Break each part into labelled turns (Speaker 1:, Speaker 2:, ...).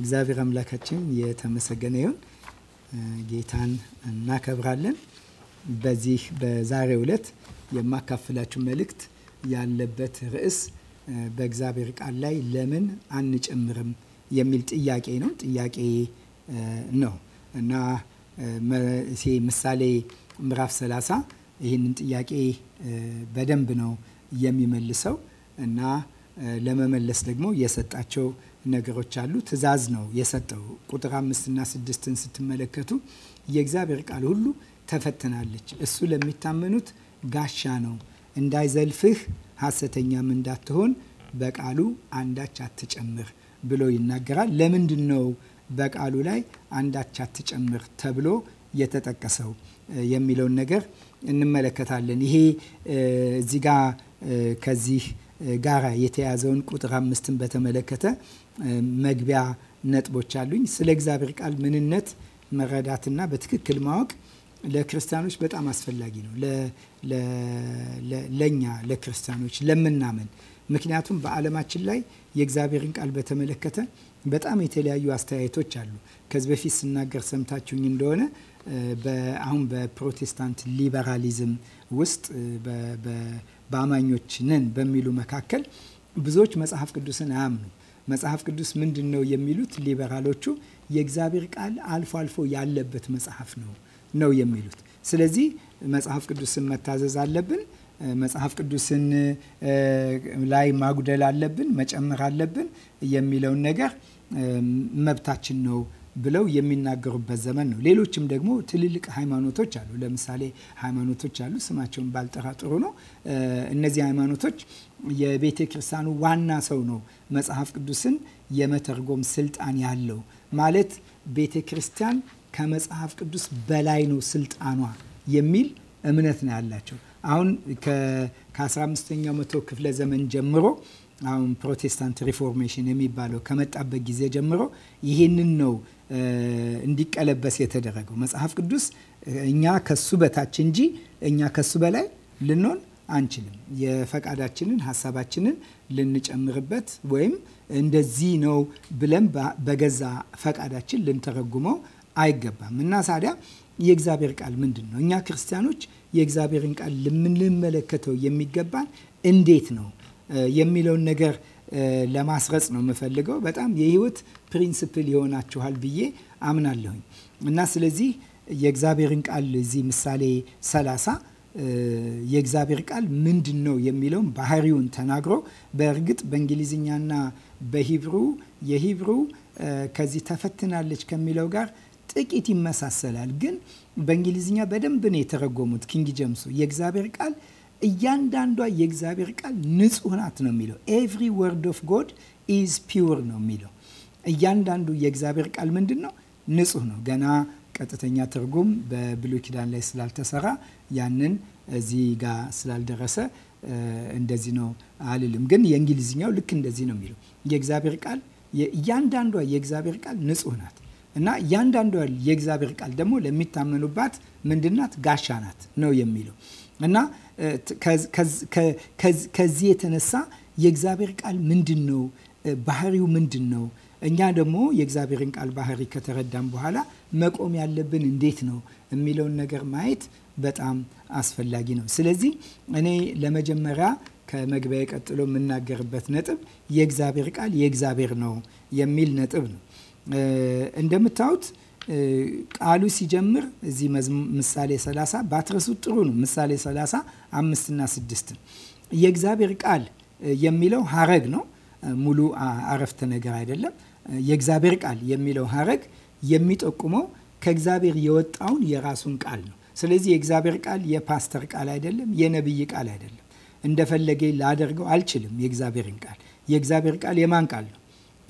Speaker 1: እግዚአብሔር አምላካችን የተመሰገነ ይሁን። ጌታን እናከብራለን። በዚህ በዛሬው ዕለት የማካፍላችሁ መልእክት ያለበት ርዕስ በእግዚአብሔር ቃል ላይ ለምን አንጨምርም የሚል ጥያቄ ነው ጥያቄ ነው እና ምሳሌ ምዕራፍ 30 ይህንን ጥያቄ በደንብ ነው የሚመልሰው እና ለመመለስ ደግሞ የሰጣቸው ነገሮች አሉ። ትእዛዝ ነው የሰጠው። ቁጥር አምስትና ስድስትን ስትመለከቱ የእግዚአብሔር ቃል ሁሉ ተፈትናለች፣ እሱ ለሚታመኑት ጋሻ ነው፣ እንዳይዘልፍህ ሐሰተኛም እንዳትሆን በቃሉ አንዳች አትጨምር ብሎ ይናገራል። ለምንድን ነው በቃሉ ላይ አንዳች አትጨምር ተብሎ የተጠቀሰው የሚለውን ነገር እንመለከታለን። ይሄ እዚህ ከዚህ ጋራ የተያዘውን ቁጥር አምስትን በተመለከተ መግቢያ ነጥቦች አሉኝ። ስለ እግዚአብሔር ቃል ምንነት መረዳትና በትክክል ማወቅ ለክርስቲያኖች በጣም አስፈላጊ ነው። ለእኛ ለክርስቲያኖች ለምናምን፣ ምክንያቱም በዓለማችን ላይ የእግዚአብሔርን ቃል በተመለከተ በጣም የተለያዩ አስተያየቶች አሉ። ከዚህ በፊት ስናገር ሰምታችሁኝ እንደሆነ አሁን በፕሮቴስታንት ሊበራሊዝም ውስጥ በአማኞችንን በሚሉ መካከል ብዙዎች መጽሐፍ ቅዱስን አያምኑ። መጽሐፍ ቅዱስ ምንድን ነው የሚሉት ሊበራሎቹ፣ የእግዚአብሔር ቃል አልፎ አልፎ ያለበት መጽሐፍ ነው ነው የሚሉት። ስለዚህ መጽሐፍ ቅዱስን መታዘዝ አለብን። መጽሐፍ ቅዱስን ላይ ማጉደል አለብን፣ መጨመር አለብን የሚለውን ነገር መብታችን ነው ብለው የሚናገሩበት ዘመን ነው። ሌሎችም ደግሞ ትልልቅ ሃይማኖቶች አሉ። ለምሳሌ ሃይማኖቶች አሉ፣ ስማቸውን ባልጠራ ጥሩ ነው። እነዚህ ሃይማኖቶች የቤተ ክርስቲያኑ ዋና ሰው ነው መጽሐፍ ቅዱስን የመተርጎም ስልጣን ያለው ማለት ቤተ ክርስቲያን ከመጽሐፍ ቅዱስ በላይ ነው ስልጣኗ የሚል እምነት ነው ያላቸው። አሁን ከ15ኛው መቶ ክፍለ ዘመን ጀምሮ አሁን ፕሮቴስታንት ሪፎርሜሽን የሚባለው ከመጣበት ጊዜ ጀምሮ ይህንን ነው እንዲቀለበስ የተደረገው። መጽሐፍ ቅዱስ እኛ ከሱ በታች እንጂ እኛ ከሱ በላይ ልንሆን አንችልም። የፈቃዳችንን ሀሳባችንን ልንጨምርበት ወይም እንደዚህ ነው ብለን በገዛ ፈቃዳችን ልንተረጉመው አይገባም እና ሳዲያ የእግዚአብሔር ቃል ምንድን ነው? እኛ ክርስቲያኖች የእግዚአብሔርን ቃል ልንመለከተው የሚገባን እንዴት ነው የሚለውን ነገር ለማስረጽ ነው የምፈልገው። በጣም የህይወት ፕሪንስፕል ይሆናችኋል ብዬ አምናለሁኝ እና ስለዚህ የእግዚአብሔርን ቃል እዚህ ምሳሌ 30 የእግዚአብሔር ቃል ምንድን ነው የሚለውን ባህሪውን ተናግሮ በእርግጥ በእንግሊዝኛና በሂብሩ የሂብሩ ከዚህ ተፈትናለች ከሚለው ጋር ጥቂት ይመሳሰላል። ግን በእንግሊዝኛ በደንብ ነው የተረጎሙት ኪንግ ጀምሱ የእግዚአብሔር ቃል እያንዳንዷ የእግዚአብሔር ቃል ንጹህ ናት ነው የሚለው። ኤቭሪ ወርድ ኦፍ ጎድ ኢዝ ፒውር ነው የሚለው። እያንዳንዱ የእግዚአብሔር ቃል ምንድን ነው? ንጹህ ነው። ገና ቀጥተኛ ትርጉም በብሉይ ኪዳን ላይ ስላልተሰራ ያንን እዚህ ጋር ስላልደረሰ እንደዚህ ነው አልልም፣ ግን የእንግሊዝኛው ልክ እንደዚህ ነው የሚለው የእግዚአብሔር ቃል እያንዳንዷ የእግዚአብሔር ቃል ንጹህ ናት እና እያንዳንዷ የእግዚአብሔር ቃል ደግሞ ለሚታመኑባት ምንድናት? ጋሻ ናት ነው የሚለው እና ከዚህ የተነሳ የእግዚአብሔር ቃል ምንድን ነው? ባህሪው ምንድን ነው? እኛ ደግሞ የእግዚአብሔርን ቃል ባህሪ ከተረዳን በኋላ መቆም ያለብን እንዴት ነው የሚለውን ነገር ማየት በጣም አስፈላጊ ነው። ስለዚህ እኔ ለመጀመሪያ ከመግቢያ ቀጥሎ የምናገርበት ነጥብ የእግዚአብሔር ቃል የእግዚአብሔር ነው የሚል ነጥብ ነው። እንደምታዩት ቃሉ ሲጀምር እዚህ ምሳሌ 30 ባትረሱ ጥሩ ነው። ምሳሌ 30 አምስትና ስድስት የእግዚአብሔር ቃል የሚለው ሀረግ ነው። ሙሉ አረፍተ ነገር አይደለም። የእግዚአብሔር ቃል የሚለው ሀረግ የሚጠቁመው ከእግዚአብሔር የወጣውን የራሱን ቃል ነው። ስለዚህ የእግዚአብሔር ቃል የፓስተር ቃል አይደለም፣ የነቢይ ቃል አይደለም። እንደፈለገ ላደርገው አልችልም። የእግዚአብሔርን ቃል የእግዚአብሔር ቃል የማን ቃል ነው?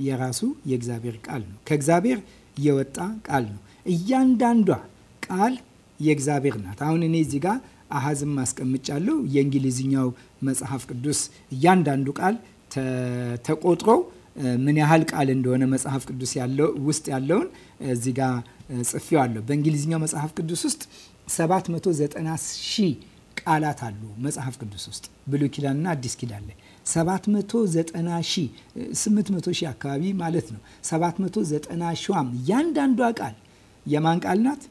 Speaker 1: የራሱ የእግዚአብሔር ቃል ነው። ከእግዚአብሔር የወጣ ቃል ነው። እያንዳንዷ ቃል የእግዚአብሔር ናት። አሁን እኔ እዚህ ጋር አሃዝም ማስቀምጫለሁ። የእንግሊዝኛው መጽሐፍ ቅዱስ እያንዳንዱ ቃል ተቆጥሮ ምን ያህል ቃል እንደሆነ መጽሐፍ ቅዱስ ውስጥ ያለውን እዚህ ጋር ጽፌዋለሁ። በእንግሊዝኛው መጽሐፍ ቅዱስ ውስጥ 790 ሺህ ቃላት አሉ። መጽሐፍ ቅዱስ ውስጥ ብሉይ ኪዳንና አዲስ ኪዳን ላይ 790 ሺህ 800 ሺ አካባቢ ማለት ነው። 790 ሺዋም እያንዳንዷ ቃል የማን ቃል ናት?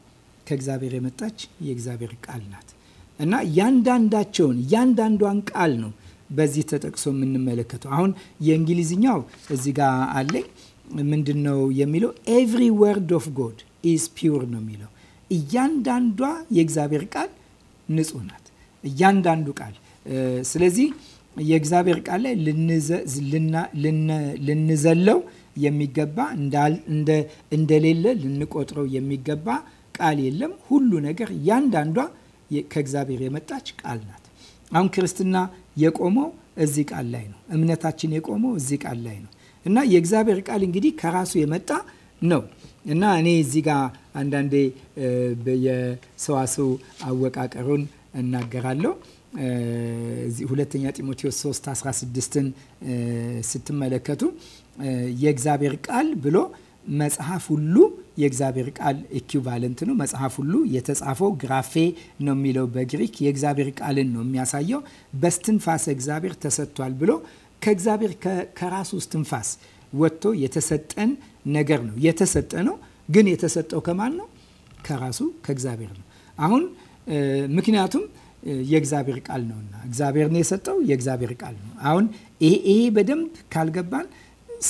Speaker 1: ከእግዚአብሔር የመጣች የእግዚአብሔር ቃል ናት እና እያንዳንዳቸውን እያንዳንዷን ቃል ነው በዚህ ተጠቅሶ የምንመለከተው። አሁን የእንግሊዝኛው እዚህ ጋ አለኝ ምንድን ነው የሚለው? ኤቭሪ ወርድ ኦፍ ጎድ ኢዝ ፒውር ነው የሚለው። እያንዳንዷ የእግዚአብሔር ቃል ንጹህ ናት፣ እያንዳንዱ ቃል ስለዚህ የእግዚአብሔር ቃል ላይ ልንዘለው የሚገባ እንደሌለ ልንቆጥረው የሚገባ ቃል የለም። ሁሉ ነገር እያንዳንዷ ከእግዚአብሔር የመጣች ቃል ናት። አሁን ክርስትና የቆመው እዚህ ቃል ላይ ነው። እምነታችን የቆመው እዚህ ቃል ላይ ነው እና የእግዚአብሔር ቃል እንግዲህ ከራሱ የመጣ ነው እና እኔ እዚህ ጋር አንዳንዴ የሰዋሰው አወቃቀሩን እናገራለሁ ሁለተኛ ጢሞቴዎስ 3 16ን ስትመለከቱ የእግዚአብሔር ቃል ብሎ መጽሐፍ ሁሉ የእግዚአብሔር ቃል ኢኪቫለንት ነው። መጽሐፍ ሁሉ የተጻፈው ግራፌ ነው የሚለው በግሪክ የእግዚአብሔር ቃልን ነው የሚያሳየው። በስትንፋሰ እግዚአብሔር ተሰጥቷል ብሎ ከእግዚአብሔር ከራሱ ስትንፋስ ወጥቶ የተሰጠን ነገር ነው። የተሰጠ ነው፣ ግን የተሰጠው ከማን ነው? ከራሱ ከእግዚአብሔር ነው። አሁን ምክንያቱም የእግዚአብሔር ቃል ነውና እግዚአብሔር ነው የሰጠው የእግዚአብሔር ቃል ነው። አሁን ይሄ በደንብ ካልገባን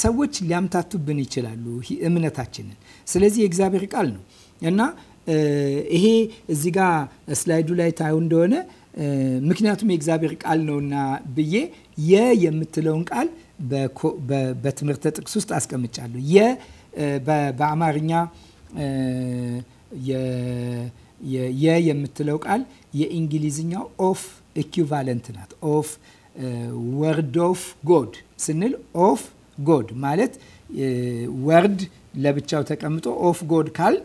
Speaker 1: ሰዎች ሊያምታቱብን ይችላሉ እምነታችንን። ስለዚህ የእግዚአብሔር ቃል ነው እና ይሄ እዚህ ጋ ስላይዱ ላይ ታዩ እንደሆነ ምክንያቱም የእግዚአብሔር ቃል ነውና ብዬ የ የምትለውን ቃል በትምህርተ ጥቅስ ውስጥ አስቀምጫለሁ። የ በአማርኛ የ የምትለው ቃል የእንግሊዝኛው ኦፍ ኢኩቫለንት ናት። ኦፍ ወርድ ኦፍ ጎድ ስንል ኦፍ ጎድ ማለት ወርድ ለብቻው ተቀምጦ ኦፍ ጎድ ካል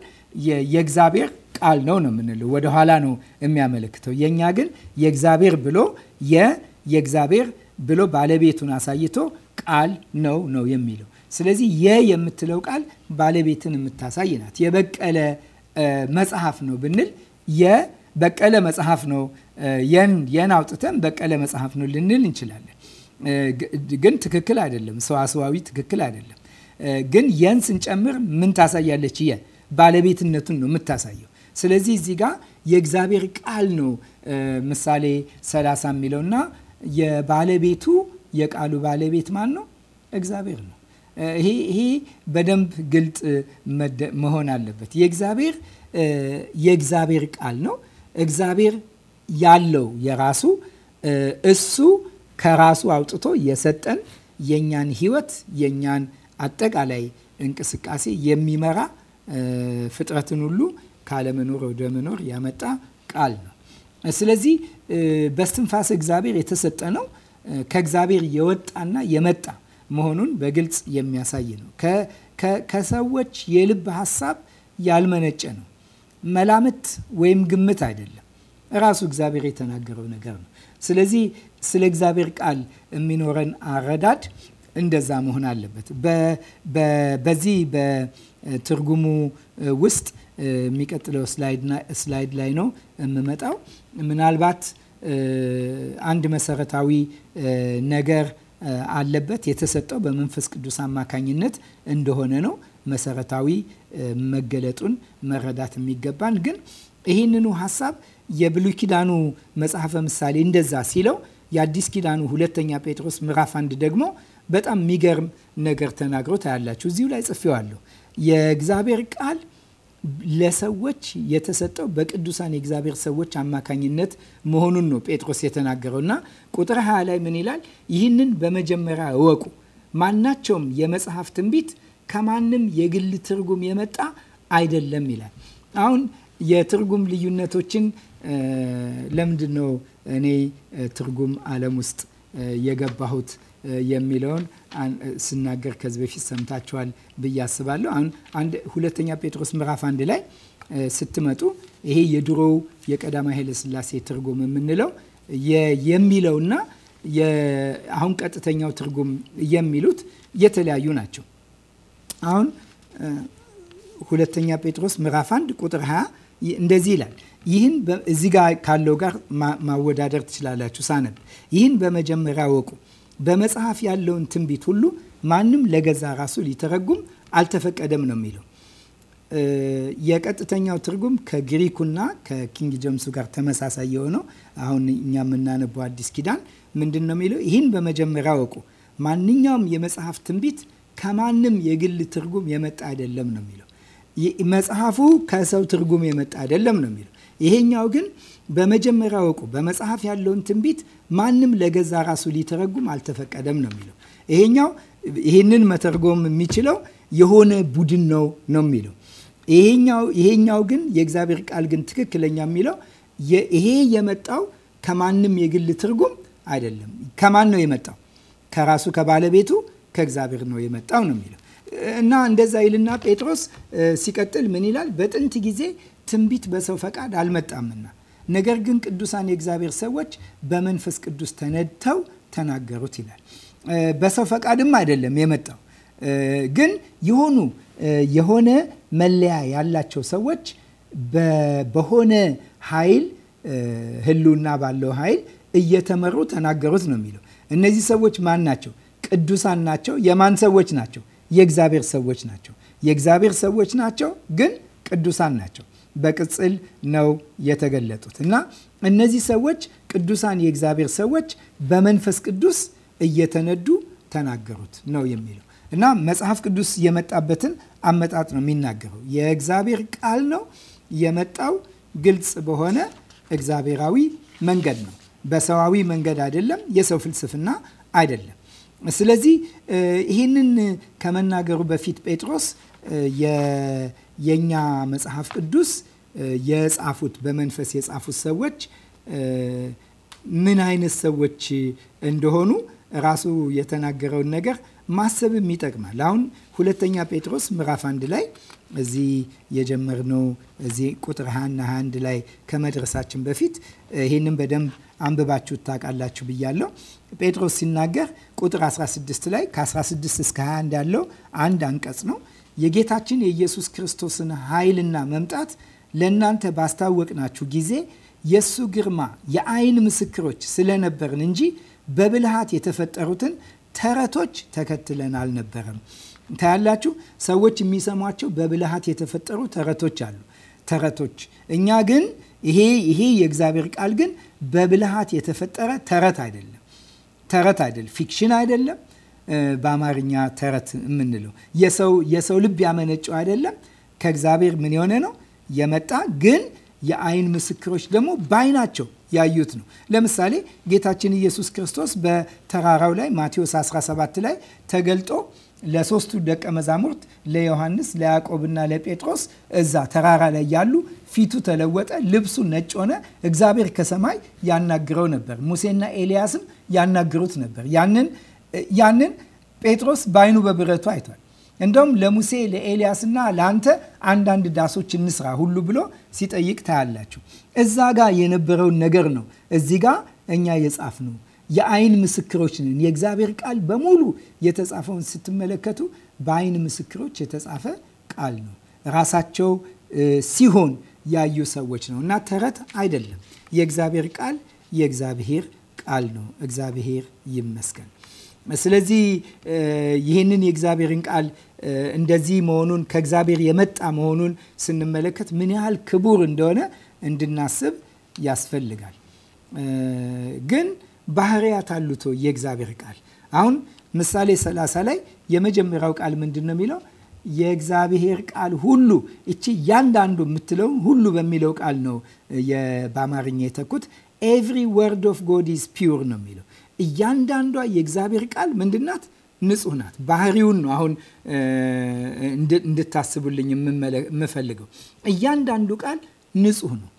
Speaker 1: የእግዚአብሔር ቃል ነው ነው የምንለው። ወደኋላ ነው የሚያመለክተው። የእኛ ግን የእግዚአብሔር ብሎ የእግዚአብሔር ብሎ ባለቤቱን አሳይቶ ቃል ነው ነው የሚለው። ስለዚህ የ የምትለው ቃል ባለቤትን የምታሳይ ናት። የበቀለ መጽሐፍ ነው ብንል በቀለ መጽሐፍ ነው የን የን አውጥተን በቀለ መጽሐፍ ነው ልንል እንችላለን። ግን ትክክል አይደለም። ሰዋሰዋዊ ትክክል አይደለም። ግን የን ስንጨምር ምን ታሳያለች? የ ባለቤትነቱን ነው የምታሳየው። ስለዚህ እዚህ ጋር የእግዚአብሔር ቃል ነው ምሳሌ 30 የሚለውና የባለቤቱ የቃሉ ባለቤት ማን ነው? እግዚአብሔር ነው። ይሄ በደንብ ግልጥ መሆን አለበት። የእግዚአብሔር የእግዚአብሔር ቃል ነው። እግዚአብሔር ያለው የራሱ እሱ ከራሱ አውጥቶ የሰጠን የእኛን ህይወት የእኛን አጠቃላይ እንቅስቃሴ የሚመራ ፍጥረትን ሁሉ ካለመኖር ወደ መኖር ያመጣ ቃል ነው። ስለዚህ በስትንፋስ እግዚአብሔር የተሰጠ ነው። ከእግዚአብሔር የወጣና የመጣ መሆኑን በግልጽ የሚያሳይ ነው። ከሰዎች የልብ ሀሳብ ያልመነጨ ነው። መላምት ወይም ግምት አይደለም። ራሱ እግዚአብሔር የተናገረው ነገር ነው። ስለዚህ ስለ እግዚአብሔር ቃል የሚኖረን አረዳድ እንደዛ መሆን አለበት። በዚህ በትርጉሙ ውስጥ የሚቀጥለው ስላይድ ላይ ነው የምመጣው። ምናልባት አንድ መሰረታዊ ነገር አለበት የተሰጠው በመንፈስ ቅዱስ አማካኝነት እንደሆነ ነው። መሰረታዊ መገለጡን መረዳት የሚገባን ግን ይህንኑ ሀሳብ የብሉይ ኪዳኑ መጽሐፈ ምሳሌ እንደዛ ሲለው የአዲስ ኪዳኑ ሁለተኛ ጴጥሮስ ምዕራፍ አንድ ደግሞ በጣም የሚገርም ነገር ተናግሮ ታያላችሁ። እዚሁ ላይ ጽፌዋለሁ። የእግዚአብሔር ቃል ለሰዎች የተሰጠው በቅዱሳን የእግዚአብሔር ሰዎች አማካኝነት መሆኑን ነው ጴጥሮስ የተናገረው እና ቁጥር 20 ላይ ምን ይላል? ይህንን በመጀመሪያ እወቁ ማናቸውም የመጽሐፍ ትንቢት ከማንም የግል ትርጉም የመጣ አይደለም ይላል። አሁን የትርጉም ልዩነቶችን ለምንድን ነው እኔ ትርጉም ዓለም ውስጥ የገባሁት የሚለውን ስናገር ከዚህ በፊት ሰምታችኋል ብዬ አስባለሁ። አሁን አንድ ሁለተኛ ጴጥሮስ ምዕራፍ አንድ ላይ ስትመጡ ይሄ የድሮው የቀዳማዊ ኃይለሥላሴ ትርጉም የምንለው የሚለውና አሁን ቀጥተኛው ትርጉም የሚሉት የተለያዩ ናቸው። አሁን ሁለተኛ ጴጥሮስ ምዕራፍ 1 ቁጥር 20 እንደዚህ ይላል። ይህን እዚህ ጋር ካለው ጋር ማወዳደር ትችላላችሁ። ሳነብ ይህን በመጀመሪያ ወቁ፣ በመጽሐፍ ያለውን ትንቢት ሁሉ ማንም ለገዛ ራሱ ሊተረጉም አልተፈቀደም ነው የሚለው። የቀጥተኛው ትርጉም ከግሪኩና ከኪንግ ጀምሱ ጋር ተመሳሳይ የሆነው አሁን እኛ የምናነበው አዲስ ኪዳን ምንድን ነው የሚለው? ይህን በመጀመሪያ ወቁ፣ ማንኛውም የመጽሐፍ ትንቢት ከማንም የግል ትርጉም የመጣ አይደለም ነው የሚለው። መጽሐፉ ከሰው ትርጉም የመጣ አይደለም ነው የሚለው። ይሄኛው ግን በመጀመሪያ ወቁ በመጽሐፍ ያለውን ትንቢት ማንም ለገዛ ራሱ ሊተረጉም አልተፈቀደም ነው የሚለው። ይሄኛው ይሄንን መተርጎም የሚችለው የሆነ ቡድን ነው ነው የሚለው። ይሄኛው ግን የእግዚአብሔር ቃል ግን ትክክለኛ የሚለው ይሄ የመጣው ከማንም የግል ትርጉም አይደለም። ከማን ነው የመጣው? ከራሱ ከባለቤቱ ከእግዚአብሔር ነው የመጣው ነው የሚለው እና እንደዛ ይልና ጴጥሮስ ሲቀጥል ምን ይላል? በጥንት ጊዜ ትንቢት በሰው ፈቃድ አልመጣምና፣ ነገር ግን ቅዱሳን የእግዚአብሔር ሰዎች በመንፈስ ቅዱስ ተነድተው ተናገሩት ይላል። በሰው ፈቃድም አይደለም የመጣው ግን የሆኑ የሆነ መለያ ያላቸው ሰዎች በሆነ ኃይል ህልውና ባለው ኃይል እየተመሩ ተናገሩት ነው የሚለው። እነዚህ ሰዎች ማን ናቸው? ቅዱሳን ናቸው። የማን ሰዎች ናቸው? የእግዚአብሔር ሰዎች ናቸው። የእግዚአብሔር ሰዎች ናቸው፣ ግን ቅዱሳን ናቸው። በቅጽል ነው የተገለጡት እና እነዚህ ሰዎች ቅዱሳን የእግዚአብሔር ሰዎች በመንፈስ ቅዱስ እየተነዱ ተናገሩት ነው የሚለው እና መጽሐፍ ቅዱስ የመጣበትን አመጣጥ ነው የሚናገረው። የእግዚአብሔር ቃል ነው የመጣው ግልጽ በሆነ እግዚአብሔራዊ መንገድ ነው። በሰዋዊ መንገድ አይደለም። የሰው ፍልስፍና አይደለም። ስለዚህ ይህንን ከመናገሩ በፊት ጴጥሮስ የእኛ መጽሐፍ ቅዱስ የጻፉት በመንፈስ የጻፉት ሰዎች ምን አይነት ሰዎች እንደሆኑ ራሱ የተናገረውን ነገር ማሰብም ይጠቅማል። አሁን ሁለተኛ ጴጥሮስ ምዕራፍ አንድ ላይ እዚህ የጀመርነው እዚህ ቁጥር ሀና አንድ ላይ ከመድረሳችን በፊት ይህንም በደንብ አንብባችሁ ታውቃላችሁ ብያለሁ። ጴጥሮስ ሲናገር ቁጥር 16 ላይ ከ16 እስከ 21 ያለው አንድ አንቀጽ ነው። የጌታችን የኢየሱስ ክርስቶስን ኃይልና መምጣት ለእናንተ ባስታወቅናችሁ ጊዜ የእሱ ግርማ የአይን ምስክሮች ስለነበርን እንጂ በብልሃት የተፈጠሩትን ተረቶች ተከትለን አልነበረም። ታያላችሁ። ሰዎች የሚሰሟቸው በብልሃት የተፈጠሩ ተረቶች አሉ ተረቶች። እኛ ግን ይሄ ይሄ የእግዚአብሔር ቃል ግን በብልሃት የተፈጠረ ተረት አይደለም። ተረት አይደለም፣ ፊክሽን አይደለም። በአማርኛ ተረት የምንለው የሰው የሰው ልብ ያመነጨው አይደለም። ከእግዚአብሔር ምን የሆነ ነው የመጣ ግን የአይን ምስክሮች ደግሞ በአይናቸው ያዩት ነው። ለምሳሌ ጌታችን ኢየሱስ ክርስቶስ በተራራው ላይ ማቴዎስ 17 ላይ ተገልጦ ለሶስቱ ደቀ መዛሙርት ለዮሐንስ፣ ለያዕቆብና ለጴጥሮስ እዛ ተራራ ላይ ያሉ ፊቱ ተለወጠ፣ ልብሱ ነጭ ሆነ። እግዚአብሔር ከሰማይ ያናግረው ነበር። ሙሴና ኤልያስም ያናግሩት ነበር። ያንን ያንን ጴጥሮስ በአይኑ በብረቱ አይቷል። እንደውም ለሙሴ ለኤልያስና ለአንተ አንዳንድ ዳሶች እንስራ ሁሉ ብሎ ሲጠይቅ ታያላችሁ። እዛ ጋር የነበረውን ነገር ነው እዚህ ጋር እኛ የጻፍ ነው የአይን ምስክሮች ነን። የእግዚአብሔር ቃል በሙሉ የተጻፈውን ስትመለከቱ በአይን ምስክሮች የተጻፈ ቃል ነው። ራሳቸው ሲሆን ያዩ ሰዎች ነው እና ተረት አይደለም። የእግዚአብሔር ቃል የእግዚአብሔር ቃል ነው። እግዚአብሔር ይመስገን። ስለዚህ ይህንን የእግዚአብሔርን ቃል እንደዚህ መሆኑን ከእግዚአብሔር የመጣ መሆኑን ስንመለከት ምን ያህል ክቡር እንደሆነ እንድናስብ ያስፈልጋል ግን ባህሪያት አሉት የእግዚአብሔር ቃል። አሁን ምሳሌ 30 ላይ የመጀመሪያው ቃል ምንድን ነው የሚለው? የእግዚአብሔር ቃል ሁሉ እቺ እያንዳንዱ የምትለው ሁሉ በሚለው ቃል ነው በአማርኛ የተኩት። ኤቭሪ ወርድ ኦፍ ጎድ ኢዝ ፒውር ነው የሚለው እያንዳንዷ የእግዚአብሔር ቃል ምንድናት? ንጹህ ናት። ባህሪውን ነው አሁን እንድታስቡልኝ የምፈልገው። እያንዳንዱ ቃል ንጹህ ነው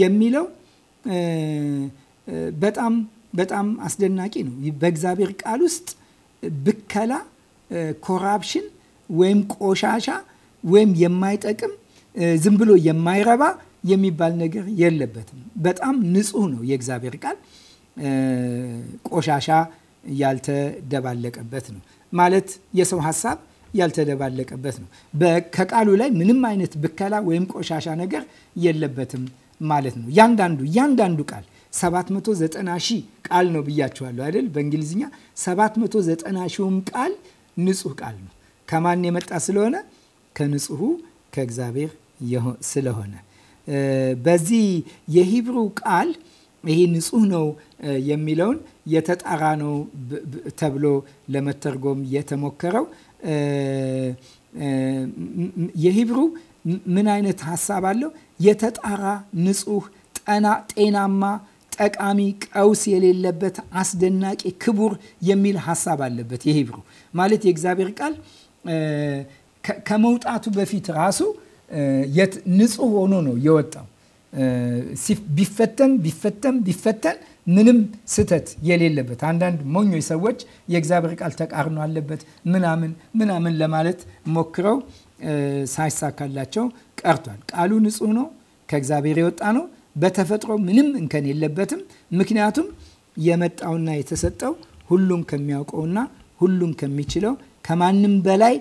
Speaker 1: የሚለው በጣም በጣም አስደናቂ ነው። በእግዚአብሔር ቃል ውስጥ ብከላ፣ ኮራፕሽን ወይም ቆሻሻ ወይም የማይጠቅም ዝም ብሎ የማይረባ የሚባል ነገር የለበትም። በጣም ንጹህ ነው የእግዚአብሔር ቃል ቆሻሻ ያልተደባለቀበት ነው ማለት የሰው ሀሳብ ያልተደባለቀበት ነው። ከቃሉ ላይ ምንም አይነት ብከላ ወይም ቆሻሻ ነገር የለበትም ማለት ነው። ያንዳንዱ ያንዳንዱ ቃል 790 ሺህ ቃል ነው ብያችኋለሁ አይደል? በእንግሊዝኛ 790 ሺውም ቃል ንጹህ ቃል ነው። ከማን የመጣ ስለሆነ ከንጹሁ ከእግዚአብሔር ስለሆነ በዚህ የሂብሩ ቃል ይሄ ንጹህ ነው የሚለውን የተጣራ ነው ተብሎ ለመተርጎም የተሞከረው የሂብሩ ምን አይነት ሀሳብ አለው? የተጣራ ንጹህ፣ ጤናማ ጠቃሚ፣ ቀውስ የሌለበት፣ አስደናቂ፣ ክቡር የሚል ሀሳብ አለበት። የሂብሩ ማለት የእግዚአብሔር ቃል ከመውጣቱ በፊት ራሱ ንጹህ ሆኖ ነው የወጣው። ቢፈተን ቢፈተን ቢፈተን ምንም ስህተት የሌለበት። አንዳንድ ሞኞች ሰዎች የእግዚአብሔር ቃል ተቃርኖ አለበት ምናምን ምናምን ለማለት ሞክረው ሳይሳካላቸው ቀርቷል። ቃሉ ንጹህ ነው፣ ከእግዚአብሔር የወጣ ነው። በተፈጥሮ ምንም እንከን የለበትም። ምክንያቱም የመጣውና የተሰጠው ሁሉን ከሚያውቀውና ሁሉን ከሚችለው ከማንም በላይ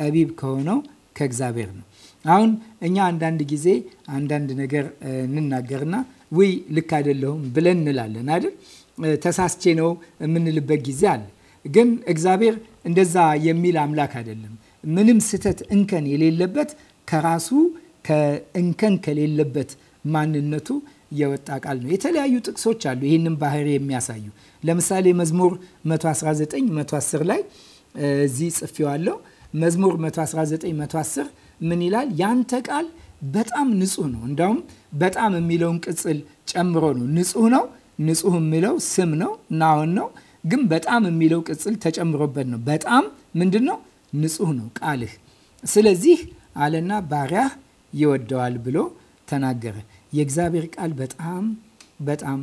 Speaker 1: ጠቢብ ከሆነው ከእግዚአብሔር ነው። አሁን እኛ አንዳንድ ጊዜ አንዳንድ ነገር እንናገርና ውይ ልክ አይደለሁም ብለን እንላለን አይደል? ተሳስቼ ነው የምንልበት ጊዜ አለ። ግን እግዚአብሔር እንደዛ የሚል አምላክ አይደለም። ምንም ስህተት እንከን የሌለበት ከራሱ ከእንከን ከሌለበት ማንነቱ የወጣ ቃል ነው። የተለያዩ ጥቅሶች አሉ ይህንም ባህሪ የሚያሳዩ ለምሳሌ መዝሙር 119 110 ላይ እዚህ ጽፌዋለሁ። መዝሙር 119 110 ምን ይላል? ያንተ ቃል በጣም ንጹህ ነው። እንዳውም በጣም የሚለውን ቅጽል ጨምሮ ነው። ንጹህ ነው። ንጹህ የሚለው ስም ነው፣ ናውን ነው። ግን በጣም የሚለው ቅጽል ተጨምሮበት ነው። በጣም ምንድን ነው? ንጹህ ነው ቃልህ። ስለዚህ አለና ባሪያህ ይወደዋል ብሎ ተናገረ። የእግዚአብሔር ቃል በጣም በጣም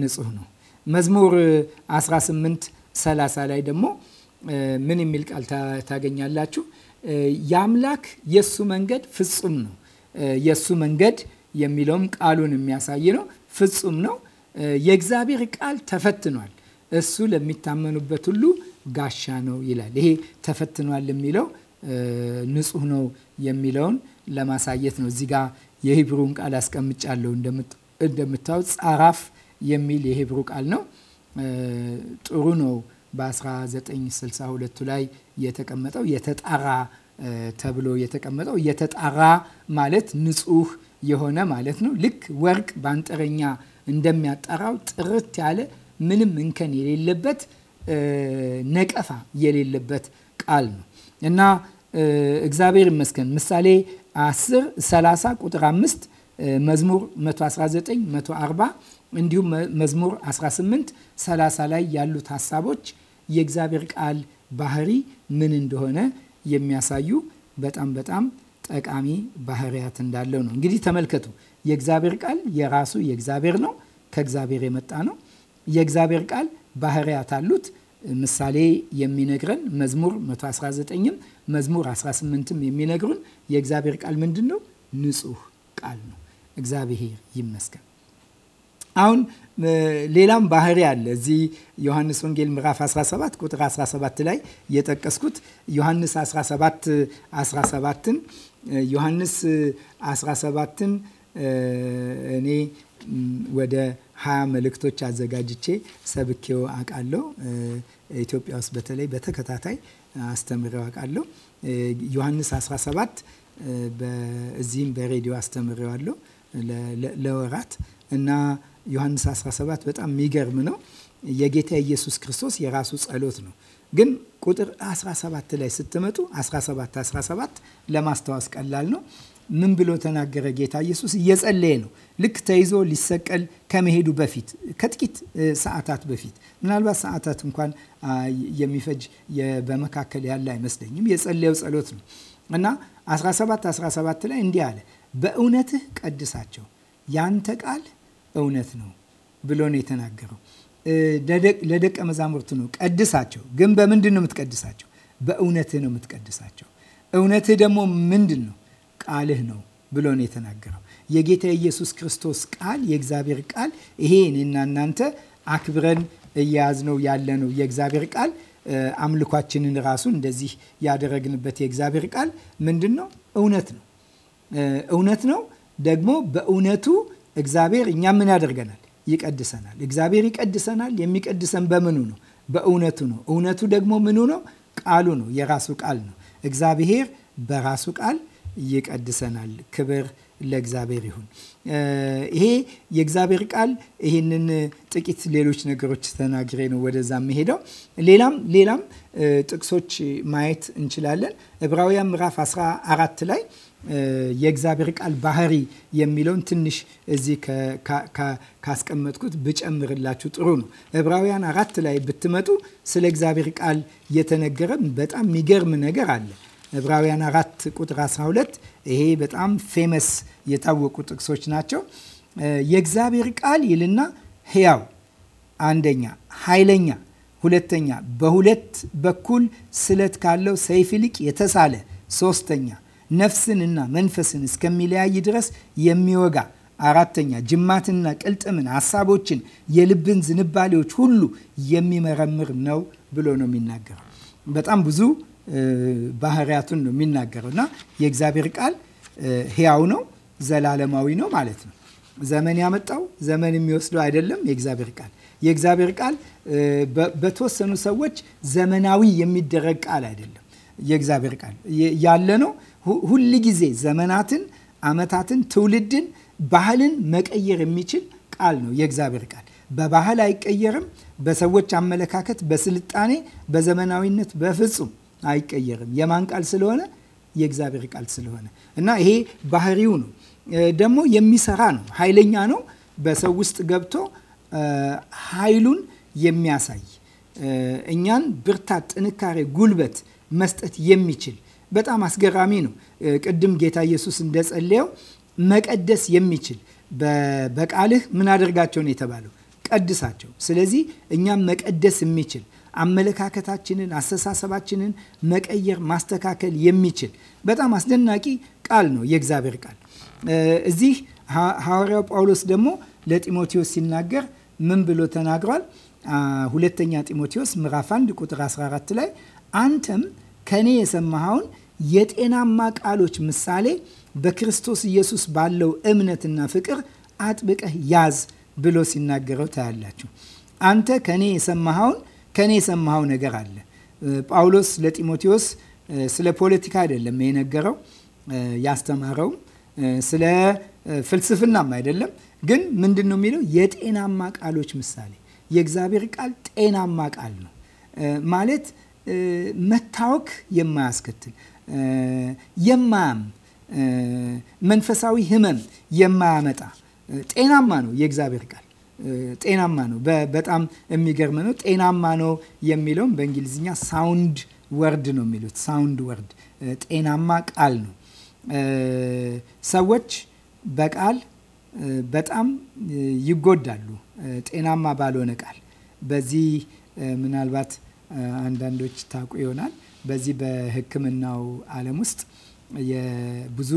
Speaker 1: ንጹህ ነው። መዝሙር 18 30 ላይ ደግሞ ምን የሚል ቃል ታገኛላችሁ? የአምላክ የእሱ መንገድ ፍጹም ነው። የእሱ መንገድ የሚለውም ቃሉን የሚያሳይ ነው። ፍጹም ነው። የእግዚአብሔር ቃል ተፈትኗል፣ እሱ ለሚታመኑበት ሁሉ ጋሻ ነው ይላል። ይሄ ተፈትኗል የሚለው ንጹህ ነው የሚለውን ለማሳየት ነው እዚህ ጋር የሂብሩን ቃል አስቀምጫለሁ እንደምታዩት ጻራፍ የሚል የሂብሩ ቃል ነው። ጥሩ ነው። 1962 ላይ የተቀመጠው የተጣራ ተብሎ የተቀመጠው የተጣራ ማለት ንጹህ የሆነ ማለት ነው። ልክ ወርቅ በአንጥረኛ እንደሚያጠራው ጥርት ያለ ምንም እንከን የሌለበት ነቀፋ የሌለበት ቃል ነው እና እግዚአብሔር ይመስገን ምሳሌ 10 30 ቁጥር 5 መዝሙር 119 140 እንዲሁም መዝሙር 18 30 ላይ ያሉት ሀሳቦች የእግዚአብሔር ቃል ባህሪ ምን እንደሆነ የሚያሳዩ በጣም በጣም ጠቃሚ ባህሪያት እንዳለው ነው። እንግዲህ ተመልከቱ። የእግዚአብሔር ቃል የራሱ የእግዚአብሔር ነው። ከእግዚአብሔር የመጣ ነው። የእግዚአብሔር ቃል ባህሪያት አሉት። ምሳሌ የሚነግረን መዝሙር 119ም መዝሙር 18ም የሚነግሩን የእግዚአብሔር ቃል ምንድን ነው? ንጹህ ቃል ነው። እግዚአብሔር ይመስገን። አሁን ሌላም ባህሪ አለ። እዚህ ዮሐንስ ወንጌል ምዕራፍ 17 ቁጥር 17 ላይ የጠቀስኩት ዮሐንስ 17 17ን ዮሐንስ 17ን እኔ ወደ ሀያ መልእክቶች አዘጋጅቼ ሰብኬው አውቃለሁ። ኢትዮጵያ ውስጥ በተለይ በተከታታይ አስተምሬው አውቃለሁ። ዮሐንስ 17 እዚህም በሬዲዮ አስተምሬዋለሁ ለወራት እና ዮሐንስ 17 በጣም የሚገርም ነው። የጌታ ኢየሱስ ክርስቶስ የራሱ ጸሎት ነው። ግን ቁጥር 17 ላይ ስትመጡ 17 17 ለማስታወስ ቀላል ነው። ምን ብሎ ተናገረ? ጌታ ኢየሱስ እየጸለየ ነው። ልክ ተይዞ ሊሰቀል ከመሄዱ በፊት ከጥቂት ሰዓታት በፊት ምናልባት ሰዓታት እንኳን የሚፈጅ በመካከል ያለ አይመስለኝም። የጸለየው ጸሎት ነው እና 17 17 ላይ እንዲህ አለ፣ በእውነትህ ቀድሳቸው ያንተ ቃል እውነት ነው ብሎ ነው የተናገረው። ለደቀ መዛሙርት ነው ቀድሳቸው። ግን በምንድን ነው የምትቀድሳቸው? በእውነትህ ነው የምትቀድሳቸው። እውነትህ ደግሞ ምንድን ነው? ቃልህ ነው ብሎ ነው የተናገረው። የጌታ ኢየሱስ ክርስቶስ ቃል የእግዚአብሔር ቃል ይሄ እኔና እናንተ አክብረን እየያዝነው ያለነው የእግዚአብሔር ቃል አምልኳችንን ራሱ እንደዚህ ያደረግንበት የእግዚአብሔር ቃል ምንድን ነው? እውነት ነው። እውነት ነው ደግሞ በእውነቱ እግዚአብሔር እኛ ምን ያደርገናል? ይቀድሰናል። እግዚአብሔር ይቀድሰናል። የሚቀድሰን በምኑ ነው? በእውነቱ ነው። እውነቱ ደግሞ ምኑ ነው? ቃሉ ነው። የራሱ ቃል ነው። እግዚአብሔር በራሱ ቃል ይቀድሰናል። ክብር ለእግዚአብሔር ይሁን። ይሄ የእግዚአብሔር ቃል ይህንን ጥቂት ሌሎች ነገሮች ተናግሬ ነው ወደዛ የምሄደው። ሌላም ሌላም ጥቅሶች ማየት እንችላለን። ዕብራውያን ምዕራፍ 14 ላይ የእግዚአብሔር ቃል ባህሪ የሚለውን ትንሽ እዚህ ካስቀመጥኩት ብጨምርላችሁ ጥሩ ነው። ዕብራውያን አራት ላይ ብትመጡ ስለ እግዚአብሔር ቃል የተነገረ በጣም የሚገርም ነገር አለ። ዕብራውያን አራት ቁጥር 12 ይሄ በጣም ፌመስ የታወቁ ጥቅሶች ናቸው። የእግዚአብሔር ቃል ይልና ሕያው አንደኛ፣ ኃይለኛ ሁለተኛ፣ በሁለት በኩል ስለት ካለው ሰይፍ ይልቅ የተሳለ ሶስተኛ፣ ነፍስንና መንፈስን እስከሚለያይ ድረስ የሚወጋ አራተኛ፣ ጅማትንና ቅልጥምን፣ ሀሳቦችን፣ የልብን ዝንባሌዎች ሁሉ የሚመረምር ነው ብሎ ነው የሚናገረው። በጣም ብዙ ባህሪያቱን ነው የሚናገረው እና የእግዚአብሔር ቃል ህያው ነው፣ ዘላለማዊ ነው ማለት ነው። ዘመን ያመጣው ዘመን የሚወስደው አይደለም። የእግዚአብሔር ቃል የእግዚአብሔር ቃል በተወሰኑ ሰዎች ዘመናዊ የሚደረግ ቃል አይደለም። የእግዚአብሔር ቃል ያለ ነው። ሁል ጊዜ ዘመናትን፣ አመታትን ትውልድን፣ ባህልን መቀየር የሚችል ቃል ነው የእግዚአብሔር ቃል። በባህል አይቀየርም። በሰዎች አመለካከት፣ በስልጣኔ፣ በዘመናዊነት በፍጹም አይቀየርም። የማን ቃል ስለሆነ? የእግዚአብሔር ቃል ስለሆነ እና ይሄ ባህሪው ነው። ደግሞ የሚሰራ ነው። ኃይለኛ ነው። በሰው ውስጥ ገብቶ ኃይሉን የሚያሳይ እኛን ብርታት፣ ጥንካሬ፣ ጉልበት መስጠት የሚችል በጣም አስገራሚ ነው። ቅድም ጌታ ኢየሱስ እንደጸለየው መቀደስ የሚችል በቃልህ ምን አድርጋቸው ነው የተባለው? ቀድሳቸው። ስለዚህ እኛም መቀደስ የሚችል አመለካከታችንን፣ አስተሳሰባችንን መቀየር፣ ማስተካከል የሚችል በጣም አስደናቂ ቃል ነው የእግዚአብሔር ቃል። እዚህ ሐዋርያው ጳውሎስ ደግሞ ለጢሞቴዎስ ሲናገር ምን ብሎ ተናግሯል? ሁለተኛ ጢሞቴዎስ ምዕራፍ 1 ቁጥር 14 ላይ አንተም ከኔ የሰማኸውን የጤናማ ቃሎች ምሳሌ በክርስቶስ ኢየሱስ ባለው እምነትና ፍቅር አጥብቀህ ያዝ ብሎ ሲናገረው ታያላችሁ። አንተ ከእኔ የሰማኸውን ከኔ የሰማኸው ነገር አለ። ጳውሎስ ለጢሞቴዎስ ስለ ፖለቲካ አይደለም የነገረው ያስተማረውም፣ ስለ ፍልስፍናም አይደለም። ግን ምንድን ነው የሚለው? የጤናማ ቃሎች ምሳሌ። የእግዚአብሔር ቃል ጤናማ ቃል ነው ማለት መታወክ የማያስከትል የማያም መንፈሳዊ ህመም የማያመጣ ጤናማ ነው የእግዚአብሔር ቃል ጤናማ ነው። በጣም የሚገርም ነው። ጤናማ ነው የሚለውም በእንግሊዝኛ ሳውንድ ወርድ ነው የሚሉት። ሳውንድ ወርድ ጤናማ ቃል ነው። ሰዎች በቃል በጣም ይጎዳሉ። ጤናማ ባልሆነ ቃል በዚህ ምናልባት አንዳንዶች ታውቁ ይሆናል። በዚህ በሕክምናው ዓለም ውስጥ የብዙ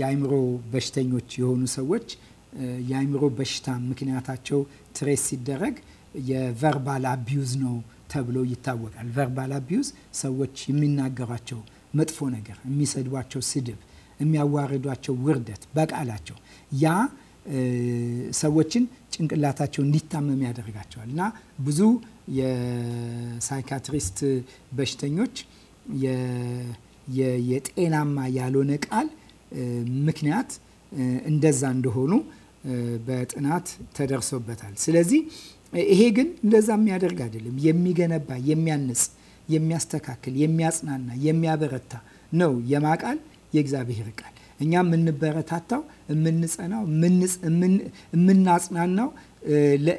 Speaker 1: የአእምሮ በሽተኞች የሆኑ ሰዎች የአይምሮ በሽታ ምክንያታቸው ትሬስ ሲደረግ የቨርባል አቢዩዝ ነው ተብሎ ይታወቃል። ቨርባል አቢዩዝ ሰዎች የሚናገሯቸው መጥፎ ነገር፣ የሚሰድቧቸው ስድብ፣ የሚያዋርዷቸው ውርደት በቃላቸው ያ ሰዎችን ጭንቅላታቸው እንዲታመም ያደርጋቸዋል እና ብዙ የሳይካትሪስት በሽተኞች የጤናማ ያልሆነ ቃል ምክንያት እንደዛ እንደሆኑ በጥናት ተደርሶበታል። ስለዚህ ይሄ ግን እንደዛ የሚያደርግ አይደለም። የሚገነባ፣ የሚያንጽ፣ የሚያስተካክል፣ የሚያጽናና፣ የሚያበረታ ነው የማቃል የእግዚአብሔር ቃል። እኛ የምንበረታታው፣ የምንጸናው፣ የምናጽናናው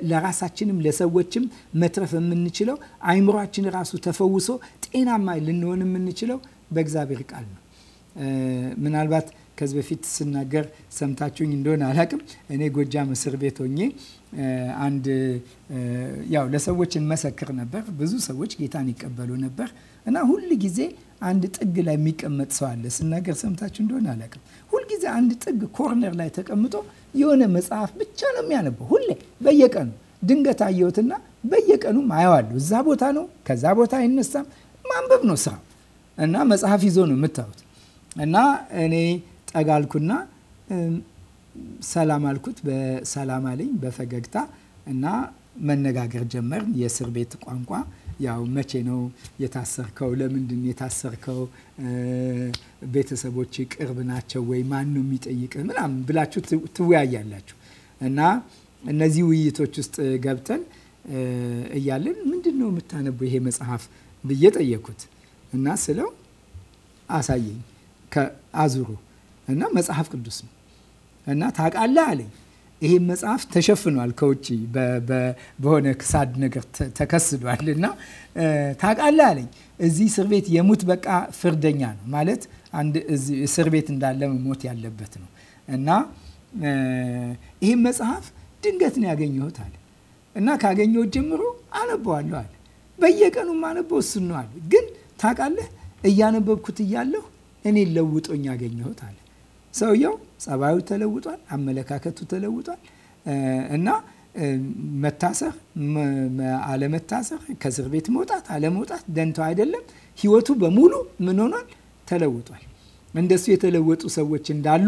Speaker 1: ለራሳችንም ለሰዎችም መትረፍ የምንችለው አይምሯችን ራሱ ተፈውሶ ጤናማ ልንሆን የምንችለው በእግዚአብሔር ቃል ነው። ምናልባት ከዚህ በፊት ስናገር ሰምታችሁኝ እንደሆነ አላቅም። እኔ ጎጃም እስር ቤት ሆኜ አንድ ያው ለሰዎች እንመሰክር ነበር። ብዙ ሰዎች ጌታን ይቀበሉ ነበር እና ሁል ጊዜ አንድ ጥግ ላይ የሚቀመጥ ሰው አለ። ስናገር ሰምታችሁ እንደሆነ አላቅም። ሁልጊዜ አንድ ጥግ ኮርነር ላይ ተቀምጦ የሆነ መጽሐፍ ብቻ ነው የሚያነበው ሁሌ በየቀኑ ድንገት አየሁትና በየቀኑ አየዋለሁ። እዛ ቦታ ነው፣ ከዛ ቦታ አይነሳም። ማንበብ ነው ስራው እና መጽሐፍ ይዞ ነው የምታዩት እና እኔ ጠጋልኩና ሰላም አልኩት። በሰላም አለኝ በፈገግታ እና መነጋገር ጀመር። የእስር ቤት ቋንቋ ያው መቼ ነው የታሰርከው? ለምንድን የታሰርከው? ቤተሰቦች ቅርብ ናቸው ወይ? ማን ነው የሚጠይቅ? ምናምን ብላችሁ ትወያያላችሁ እና እነዚህ ውይይቶች ውስጥ ገብተን እያለን ምንድን ነው የምታነቡ ይሄ መጽሐፍ ብዬ ጠየኩት እና ስለው አሳየኝ አዙሮ እና መጽሐፍ ቅዱስ ነው እና ታውቃለህ አለኝ። ይሄ መጽሐፍ ተሸፍኗል ከውጭ በሆነ ክሳድ ነገር ተከስዷል። እና ታውቃለህ አለኝ እዚህ እስር ቤት የሙት በቃ ፍርደኛ ነው ማለት አንድ እስር ቤት እንዳለ መሞት ያለበት ነው እና ይህ መጽሐፍ ድንገት ነው ያገኘሁት አለ እና ካገኘሁት ጀምሮ አነበዋለሁ አለ። በየቀኑ ማነበው እሱን ነው አለ። ግን ታውቃለህ እያነበብኩት እያለሁ እኔ ለውጦኝ ያገኘሁት አለ ሰውየው ጸባዩ ተለውጧል፣ አመለካከቱ ተለውጧል እና መታሰር አለመታሰር፣ ከእስር ቤት መውጣት አለመውጣት ደንተው አይደለም። ህይወቱ በሙሉ ምን ሆኗል? ተለውጧል። እንደሱ የተለወጡ ሰዎች እንዳሉ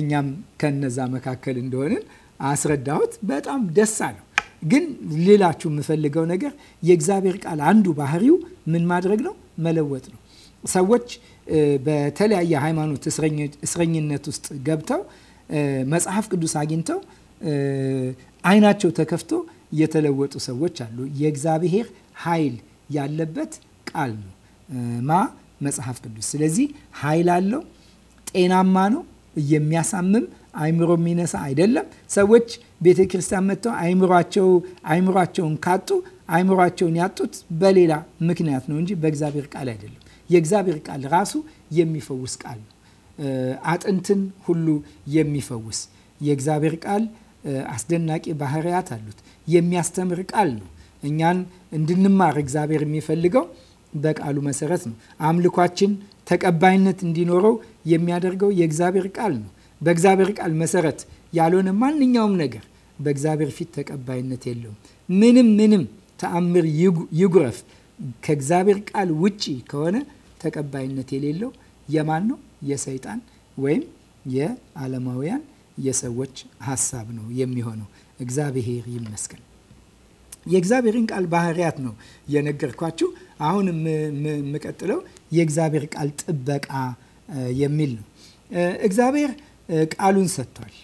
Speaker 1: እኛም ከነዛ መካከል እንደሆንን አስረዳሁት። በጣም ደስ አለው። ግን ሌላችሁ የምፈልገው ነገር የእግዚአብሔር ቃል አንዱ ባህሪው ምን ማድረግ ነው? መለወጥ ነው። ሰዎች በተለያየ ሃይማኖት እስረኝነት ውስጥ ገብተው መጽሐፍ ቅዱስ አግኝተው አይናቸው ተከፍቶ የተለወጡ ሰዎች አሉ። የእግዚአብሔር ኃይል ያለበት ቃል ነው ማ መጽሐፍ ቅዱስ። ስለዚህ ኃይል አለው፣ ጤናማ ነው፣ የሚያሳምም አይምሮ የሚነሳ አይደለም። ሰዎች ቤተ ክርስቲያን መጥተው አይምሯቸው አይምሯቸውን ካጡ አይምሯቸውን ያጡት በሌላ ምክንያት ነው እንጂ በእግዚአብሔር ቃል አይደለም። የእግዚአብሔር ቃል ራሱ የሚፈውስ ቃል ነው። አጥንትን ሁሉ የሚፈውስ የእግዚአብሔር ቃል አስደናቂ ባህርያት አሉት። የሚያስተምር ቃል ነው። እኛን እንድንማር እግዚአብሔር የሚፈልገው በቃሉ መሰረት ነው። አምልኳችን ተቀባይነት እንዲኖረው የሚያደርገው የእግዚአብሔር ቃል ነው። በእግዚአብሔር ቃል መሰረት ያልሆነ ማንኛውም ነገር በእግዚአብሔር ፊት ተቀባይነት የለውም። ምንም ምንም ተአምር ይጉረፍ፣ ከእግዚአብሔር ቃል ውጪ ከሆነ ተቀባይነት የሌለው የማን ነው? የሰይጣን ወይም የዓለማውያን የሰዎች ሀሳብ ነው የሚሆነው። እግዚአብሔር ይመስገን። የእግዚአብሔርን ቃል ባህሪያት ነው የነገርኳችሁ። አሁን የምቀጥለው የእግዚአብሔር ቃል ጥበቃ የሚል ነው። እግዚአብሔር ቃሉን ሰጥቷል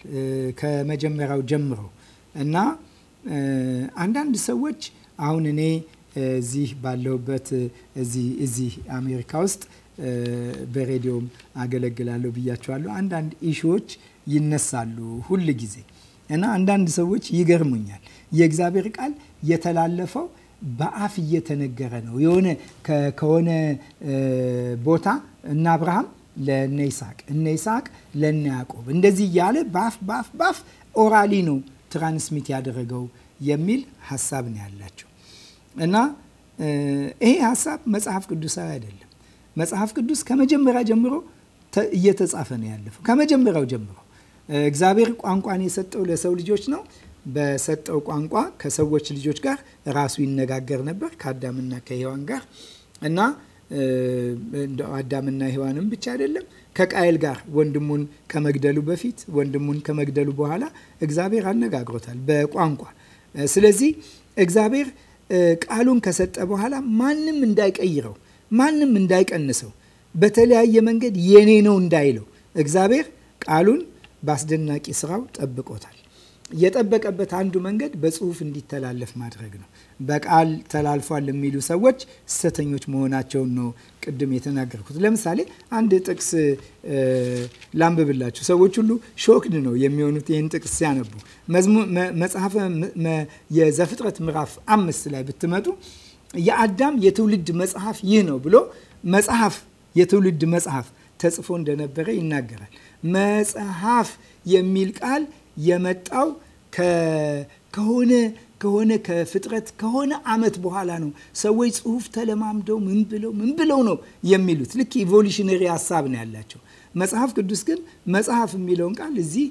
Speaker 1: ከመጀመሪያው ጀምሮ እና አንዳንድ ሰዎች አሁን እኔ እዚህ ባለሁበት እዚህ አሜሪካ ውስጥ በሬዲዮም አገለግላለሁ ብያቸዋለሁ። አንዳንድ ኢሹዎች ይነሳሉ ሁል ጊዜ እና አንዳንድ ሰዎች ይገርሙኛል። የእግዚአብሔር ቃል የተላለፈው በአፍ እየተነገረ ነው። የሆነ ከሆነ ቦታ እነ አብርሃም ለእነ ይስሐቅ፣ እነ ይስሐቅ ለእነ ያዕቆብ እንደዚህ እያለ በአፍ በአፍ በአፍ ኦራሊ ነው ትራንስሚት ያደረገው የሚል ሀሳብ ነው ያላቸው። እና ይሄ ሀሳብ መጽሐፍ ቅዱሳዊ አይደለም። መጽሐፍ ቅዱስ ከመጀመሪያ ጀምሮ እየተጻፈ ነው ያለፈው። ከመጀመሪያው ጀምሮ እግዚአብሔር ቋንቋን የሰጠው ለሰው ልጆች ነው። በሰጠው ቋንቋ ከሰዎች ልጆች ጋር ራሱ ይነጋገር ነበር ከአዳምና ከሔዋን ጋር እና አዳምና ሔዋንም ብቻ አይደለም ከቃየል ጋር ወንድሙን ከመግደሉ በፊት ወንድሙን ከመግደሉ በኋላ እግዚአብሔር አነጋግሮታል በቋንቋ ስለዚህ እግዚአብሔር ቃሉን ከሰጠ በኋላ ማንም እንዳይቀይረው፣ ማንም እንዳይቀንሰው፣ በተለያየ መንገድ የኔ ነው እንዳይለው እግዚአብሔር ቃሉን በአስደናቂ ስራው ጠብቆታል። የጠበቀበት አንዱ መንገድ በጽሁፍ እንዲተላለፍ ማድረግ ነው። በቃል ተላልፏል የሚሉ ሰዎች ሐሰተኞች መሆናቸውን ነው ቅድም የተናገርኩት። ለምሳሌ አንድ ጥቅስ ላንብብላችሁ። ሰዎች ሁሉ ሾክድ ነው የሚሆኑት ይህን ጥቅስ ሲያነቡ። መጽሐፈ የዘፍጥረት ምዕራፍ አምስት ላይ ብትመጡ የአዳም የትውልድ መጽሐፍ ይህ ነው ብሎ መጽሐፍ የትውልድ መጽሐፍ ተጽፎ እንደነበረ ይናገራል። መጽሐፍ የሚል ቃል የመጣው ከሆነ ከሆነ ከፍጥረት ከሆነ ዓመት በኋላ ነው ሰዎች ጽሁፍ ተለማምደው ምን ብለው ምን ብለው ነው የሚሉት። ልክ ኢቮሉሽነሪ ሀሳብ ነው ያላቸው። መጽሐፍ ቅዱስ ግን መጽሐፍ የሚለውን ቃል እዚህ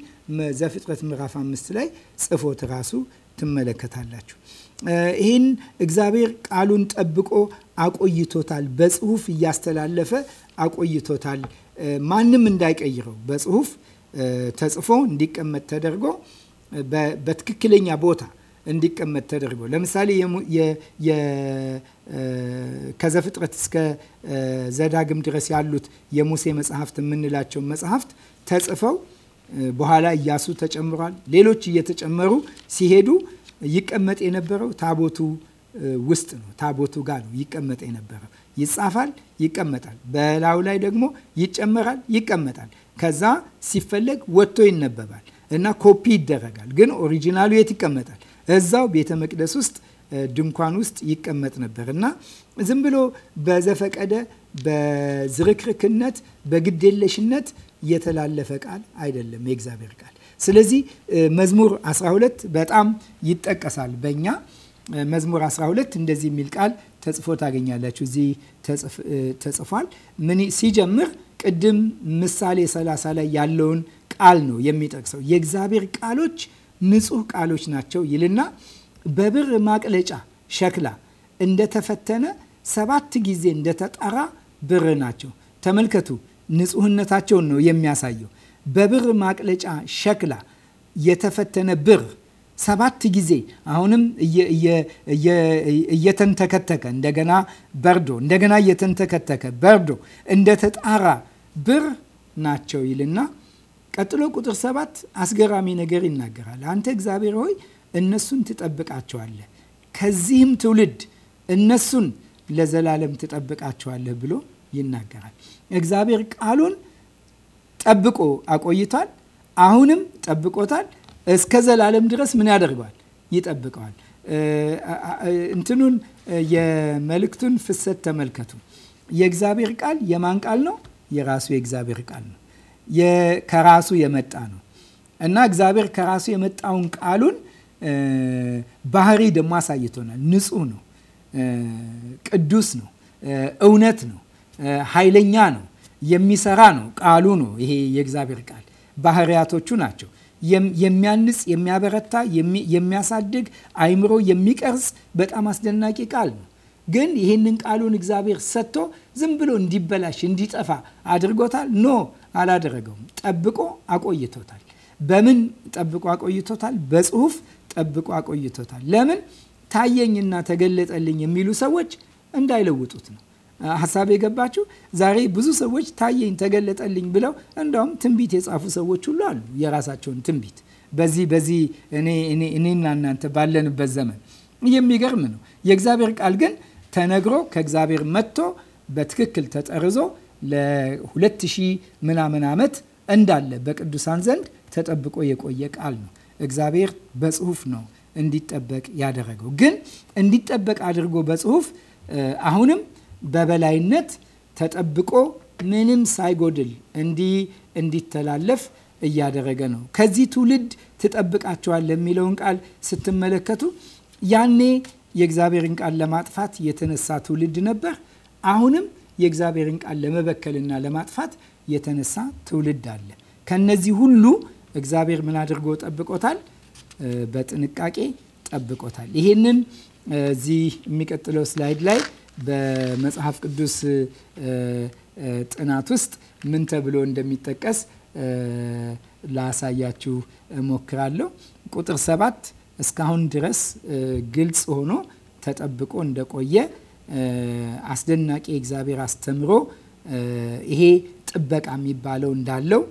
Speaker 1: ዘፍጥረት ምዕራፍ አምስት ላይ ጽፎት ራሱ ትመለከታላችሁ። ይህን እግዚአብሔር ቃሉን ጠብቆ አቆይቶታል። በጽሁፍ እያስተላለፈ አቆይቶታል። ማንም እንዳይቀይረው በጽሁፍ ተጽፎ እንዲቀመጥ ተደርጎ በትክክለኛ ቦታ እንዲቀመጥ ተደርጎ ለምሳሌ ከዘፍጥረት እስከ ዘዳግም ድረስ ያሉት የሙሴ መጽሐፍት የምንላቸው መጽሐፍት ተጽፈው በኋላ እያሱ ተጨምሯል። ሌሎች እየተጨመሩ ሲሄዱ ይቀመጥ የነበረው ታቦቱ ውስጥ ነው። ታቦቱ ጋር ነው ይቀመጥ የነበረው። ይጻፋል፣ ይቀመጣል። በላዩ ላይ ደግሞ ይጨመራል፣ ይቀመጣል። ከዛ ሲፈለግ ወጥቶ ይነበባል እና ኮፒ ይደረጋል። ግን ኦሪጂናሉ የት ይቀመጣል? እዛው ቤተ መቅደስ ውስጥ ድንኳን ውስጥ ይቀመጥ ነበር እና ዝም ብሎ በዘፈቀደ በዝርክርክነት በግዴለሽነት የተላለፈ ቃል አይደለም የእግዚአብሔር ቃል። ስለዚህ መዝሙር 12 በጣም ይጠቀሳል በእኛ መዝሙር 12 እንደዚህ የሚል ቃል ተጽፎ ታገኛላችሁ። እዚህ ተጽፏል። ምን ሲጀምር ቅድም ምሳሌ 30 ላይ ያለውን ቃል ነው የሚጠቅሰው የእግዚአብሔር ቃሎች ንጹህ ቃሎች ናቸው ይልና በብር ማቅለጫ ሸክላ እንደተፈተነ ሰባት ጊዜ እንደተጣራ ብር ናቸው። ተመልከቱ፣ ንጹህነታቸውን ነው የሚያሳየው። በብር ማቅለጫ ሸክላ የተፈተነ ብር ሰባት ጊዜ አሁንም እየተንተከተከ እንደገና በርዶ እንደገና እየተንተከተከ በርዶ እንደተጣራ ብር ናቸው ይልና ቀጥሎ ቁጥር ሰባት አስገራሚ ነገር ይናገራል። አንተ እግዚአብሔር ሆይ እነሱን ትጠብቃቸዋለህ፣ ከዚህም ትውልድ እነሱን ለዘላለም ትጠብቃቸዋለህ ብሎ ይናገራል። እግዚአብሔር ቃሉን ጠብቆ አቆይቷል። አሁንም ጠብቆታል። እስከ ዘላለም ድረስ ምን ያደርገዋል? ይጠብቀዋል። እንትኑን የመልእክቱን ፍሰት ተመልከቱ። የእግዚአብሔር ቃል የማን ቃል ነው? የራሱ የእግዚአብሔር ቃል ነው። ከራሱ የመጣ ነው እና እግዚአብሔር ከራሱ የመጣውን ቃሉን ባህሪ ደግሞ አሳይቶናል። ንጹህ ነው፣ ቅዱስ ነው፣ እውነት ነው፣ ኃይለኛ ነው፣ የሚሰራ ነው። ቃሉ ነው። ይሄ የእግዚአብሔር ቃል ባህሪያቶቹ ናቸው። የሚያንጽ፣ የሚያበረታ፣ የሚያሳድግ፣ አይምሮ የሚቀርጽ በጣም አስደናቂ ቃል ነው። ግን ይህንን ቃሉን እግዚአብሔር ሰጥቶ ዝም ብሎ እንዲበላሽ እንዲጠፋ አድርጎታል? ኖ አላደረገውም። ጠብቆ አቆይቶታል። በምን ጠብቆ አቆይቶታል? በጽሁፍ ጠብቆ አቆይቶታል። ለምን ታየኝና ተገለጠልኝ የሚሉ ሰዎች እንዳይለውጡት ነው ሀሳብ የገባችሁ። ዛሬ ብዙ ሰዎች ታየኝ፣ ተገለጠልኝ ብለው እንዳውም ትንቢት የጻፉ ሰዎች ሁሉ አሉ። የራሳቸውን ትንቢት በዚህ በዚህ እኔና እናንተ ባለንበት ዘመን የሚገርም ነው። የእግዚአብሔር ቃል ግን ተነግሮ ከእግዚአብሔር መጥቶ በትክክል ተጠርዞ ለሁለት ሺህ ምናምን ዓመት እንዳለ በቅዱሳን ዘንድ ተጠብቆ የቆየ ቃል ነው። እግዚአብሔር በጽሁፍ ነው እንዲጠበቅ ያደረገው። ግን እንዲጠበቅ አድርጎ በጽሁፍ አሁንም በበላይነት ተጠብቆ ምንም ሳይጎድል እንዲህ እንዲተላለፍ እያደረገ ነው። ከዚህ ትውልድ ትጠብቃቸዋል የሚለውን ቃል ስትመለከቱ ያኔ የእግዚአብሔርን ቃል ለማጥፋት የተነሳ ትውልድ ነበር። አሁንም የእግዚአብሔርን ቃል ለመበከልና ለማጥፋት የተነሳ ትውልድ አለ። ከነዚህ ሁሉ እግዚአብሔር ምን አድርጎ ጠብቆታል? በጥንቃቄ ጠብቆታል። ይሄንን እዚህ የሚቀጥለው ስላይድ ላይ በመጽሐፍ ቅዱስ ጥናት ውስጥ ምን ተብሎ እንደሚጠቀስ ላሳያችሁ እሞክራለሁ። ቁጥር ሰባት እስካሁን ድረስ ግልጽ ሆኖ ተጠብቆ እንደቆየ አስደናቂ የእግዚአብሔር አስተምሮ ይሄ ጥበቃ የሚባለው እንዳለው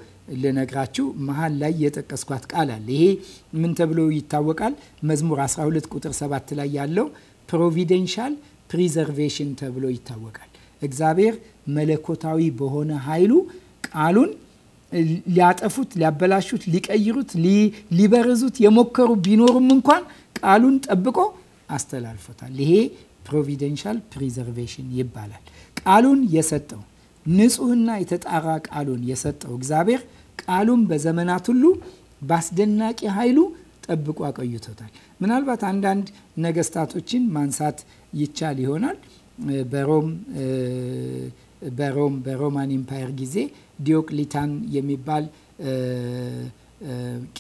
Speaker 1: ልነግራችሁ መሀል ላይ የጠቀስኳት ቃል አለ። ይሄ ምን ተብሎ ይታወቃል? መዝሙር 12 ቁጥር 7 ላይ ያለው ፕሮቪደንሻል ፕሪዘርቬሽን ተብሎ ይታወቃል። እግዚአብሔር መለኮታዊ በሆነ ኃይሉ ቃሉን ሊያጠፉት፣ ሊያበላሹት፣ ሊቀይሩት፣ ሊበርዙት የሞከሩ ቢኖርም እንኳን ቃሉን ጠብቆ አስተላልፎታል። ይሄ ፕሮቪደንሻል ፕሪዘርቬሽን ይባላል። ቃሉን የሰጠው ንጹሕና የተጣራ ቃሉን የሰጠው እግዚአብሔር ቃሉን በዘመናት ሁሉ በአስደናቂ ኃይሉ ጠብቆ አቆይቶታል። ምናልባት አንዳንድ ነገስታቶችን ማንሳት ይቻል ይሆናል። በሮም በሮም በሮማን ኢምፓየር ጊዜ ዲዮቅሊታን የሚባል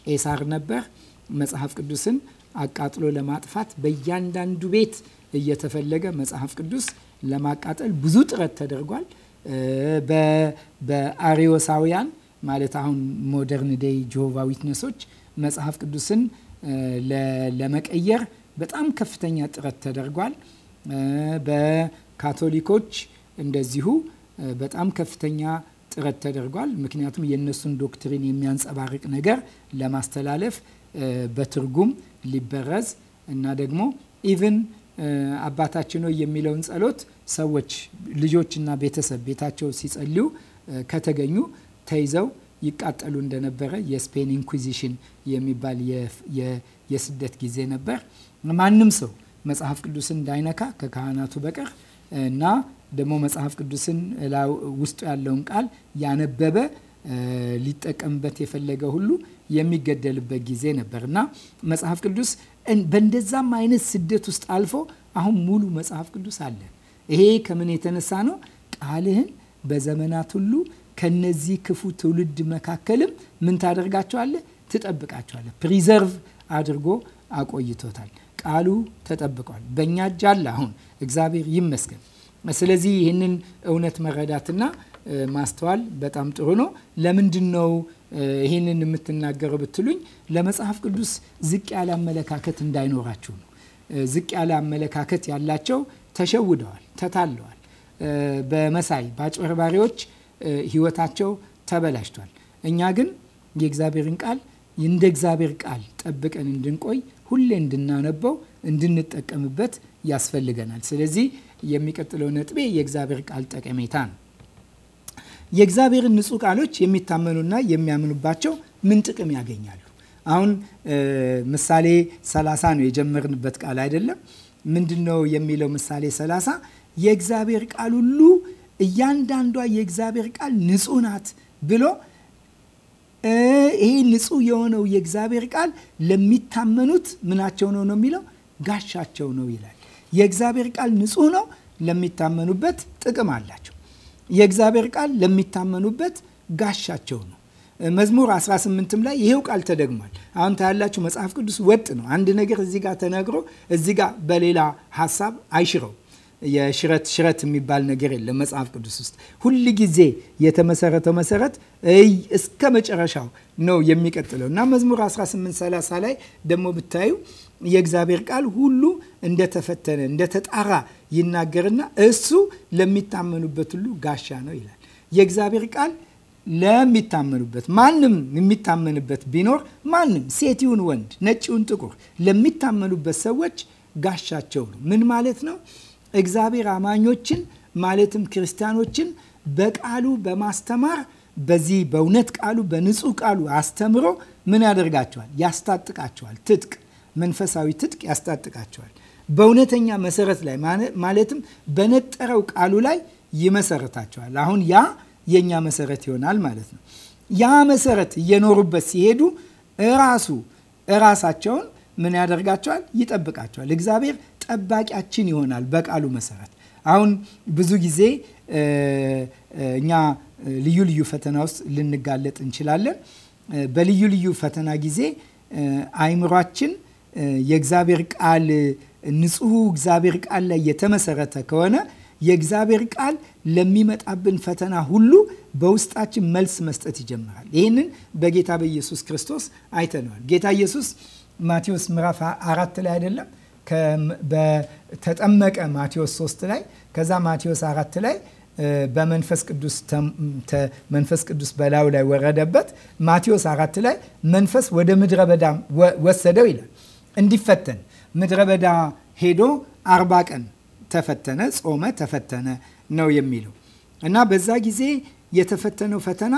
Speaker 1: ቄሳር ነበር። መጽሐፍ ቅዱስን አቃጥሎ ለማጥፋት በእያንዳንዱ ቤት እየተፈለገ መጽሐፍ ቅዱስ ለማቃጠል ብዙ ጥረት ተደርጓል። በአሪዮሳውያን ማለት አሁን ሞደርን ዴይ ጆሆቫ ዊትነሶች መጽሐፍ ቅዱስን ለመቀየር በጣም ከፍተኛ ጥረት ተደርጓል። በካቶሊኮች እንደዚሁ በጣም ከፍተኛ ጥረት ተደርጓል። ምክንያቱም የእነሱን ዶክትሪን የሚያንጸባርቅ ነገር ለማስተላለፍ በትርጉም ሊበረዝ እና ደግሞ ኢቭን አባታችን ሆይ የሚለውን ጸሎት ሰዎች ልጆችና ቤተሰብ ቤታቸው ሲጸልዩ ከተገኙ ተይዘው ይቃጠሉ እንደነበረ የስፔን ኢንኩዚሽን የሚባል የስደት ጊዜ ነበር። ማንም ሰው መጽሐፍ ቅዱስን እንዳይነካ ከካህናቱ በቀር እና ደግሞ መጽሐፍ ቅዱስን ውስጡ ያለውን ቃል ያነበበ ሊጠቀምበት የፈለገ ሁሉ የሚገደልበት ጊዜ ነበር እና መጽሐፍ ቅዱስ በእንደዛም አይነት ስደት ውስጥ አልፎ አሁን ሙሉ መጽሐፍ ቅዱስ አለ። ይሄ ከምን የተነሳ ነው? ቃልህን በዘመናት ሁሉ ከነዚህ ክፉ ትውልድ መካከልም ምን ታደርጋቸዋለህ? ትጠብቃቸዋለህ። ፕሪዘርቭ አድርጎ አቆይቶታል። ቃሉ ተጠብቋል። በእኛ እጅ አለ አሁን እግዚአብሔር ይመስገን። ስለዚህ ይህንን እውነት መረዳትና ማስተዋል በጣም ጥሩ ነው። ለምንድን ነው ይህንን የምትናገረው ብትሉኝ ለመጽሐፍ ቅዱስ ዝቅ ያለ አመለካከት እንዳይኖራችሁ ነው። ዝቅ ያለ አመለካከት ያላቸው ተሸውደዋል፣ ተታለዋል። በመሳይ በአጭበርባሪዎች ህይወታቸው ተበላሽቷል። እኛ ግን የእግዚአብሔርን ቃል እንደ እግዚአብሔር ቃል ጠብቀን እንድንቆይ ሁሌ እንድናነበው እንድንጠቀምበት ያስፈልገናል። ስለዚህ የሚቀጥለው ነጥቤ የእግዚአብሔር ቃል ጠቀሜታ ነው። የእግዚአብሔርን ንጹህ ቃሎች የሚታመኑና የሚያምኑባቸው ምን ጥቅም ያገኛሉ? አሁን ምሳሌ 30 ነው የጀመርንበት ቃል አይደለም? ምንድን ነው የሚለው ምሳሌ 30 የእግዚአብሔር ቃል ሁሉ እያንዳንዷ የእግዚአብሔር ቃል ንጹህ ናት ብሎ ይሄ ንጹህ የሆነው የእግዚአብሔር ቃል ለሚታመኑት ምናቸው ነው ነው የሚለው ጋሻቸው ነው ይላል። የእግዚአብሔር ቃል ንጹህ ነው፣ ለሚታመኑበት ጥቅም አላቸው። የእግዚአብሔር ቃል ለሚታመኑበት ጋሻቸው ነው። መዝሙር 18ም ላይ ይሄው ቃል ተደግሟል። አሁን ታያላችሁ መጽሐፍ ቅዱስ ወጥ ነው። አንድ ነገር እዚህ ጋር ተነግሮ እዚህ ጋር በሌላ ሀሳብ አይሽረው። የሽረት ሽረት የሚባል ነገር የለም መጽሐፍ ቅዱስ ውስጥ። ሁል ጊዜ የተመሰረተው መሰረት እስከ መጨረሻው ነው የሚቀጥለው እና መዝሙር 18 ላይ ደግሞ ብታዩ የእግዚአብሔር ቃል ሁሉ እንደተፈተነ እንደተጣራ ይናገርና እሱ ለሚታመኑበት ሁሉ ጋሻ ነው ይላል። የእግዚአብሔር ቃል ለሚታመኑበት ማንም የሚታመንበት ቢኖር ማንም ሴት ይሁን ወንድ፣ ነጭ ይሁን ጥቁር ለሚታመኑበት ሰዎች ጋሻቸው ነው። ምን ማለት ነው? እግዚአብሔር አማኞችን ማለትም ክርስቲያኖችን በቃሉ በማስተማር በዚህ በእውነት ቃሉ በንጹህ ቃሉ አስተምሮ ምን ያደርጋቸዋል? ያስታጥቃቸዋል። ትጥቅ መንፈሳዊ ትጥቅ ያስታጥቃቸዋል። በእውነተኛ መሰረት ላይ ማለትም በነጠረው ቃሉ ላይ ይመሰረታቸዋል። አሁን ያ የእኛ መሰረት ይሆናል ማለት ነው። ያ መሰረት እየኖሩበት ሲሄዱ እራሱ እራሳቸውን ምን ያደርጋቸዋል? ይጠብቃቸዋል። እግዚአብሔር ጠባቂያችን ይሆናል በቃሉ መሰረት። አሁን ብዙ ጊዜ እኛ ልዩ ልዩ ፈተና ውስጥ ልንጋለጥ እንችላለን። በልዩ ልዩ ፈተና ጊዜ አይምሯችን የእግዚአብሔር ቃል ንጹሁ እግዚአብሔር ቃል ላይ የተመሰረተ ከሆነ የእግዚአብሔር ቃል ለሚመጣብን ፈተና ሁሉ በውስጣችን መልስ መስጠት ይጀምራል። ይህንን በጌታ በኢየሱስ ክርስቶስ አይተነዋል። ጌታ ኢየሱስ ማቴዎስ ምዕራፍ አራት ላይ አይደለም በተጠመቀ ማቴዎስ ሶስት ላይ ከዛ ማቴዎስ አራት ላይ በመንፈስ ቅዱስ መንፈስ ቅዱስ በላዩ ላይ ወረደበት። ማቴዎስ አራት ላይ መንፈስ ወደ ምድረ በዳ ወሰደው ይላል እንዲፈተን ምድረ በዳ ሄዶ አርባ ቀን ተፈተነ፣ ጾመ፣ ተፈተነ ነው የሚለው እና በዛ ጊዜ የተፈተነው ፈተና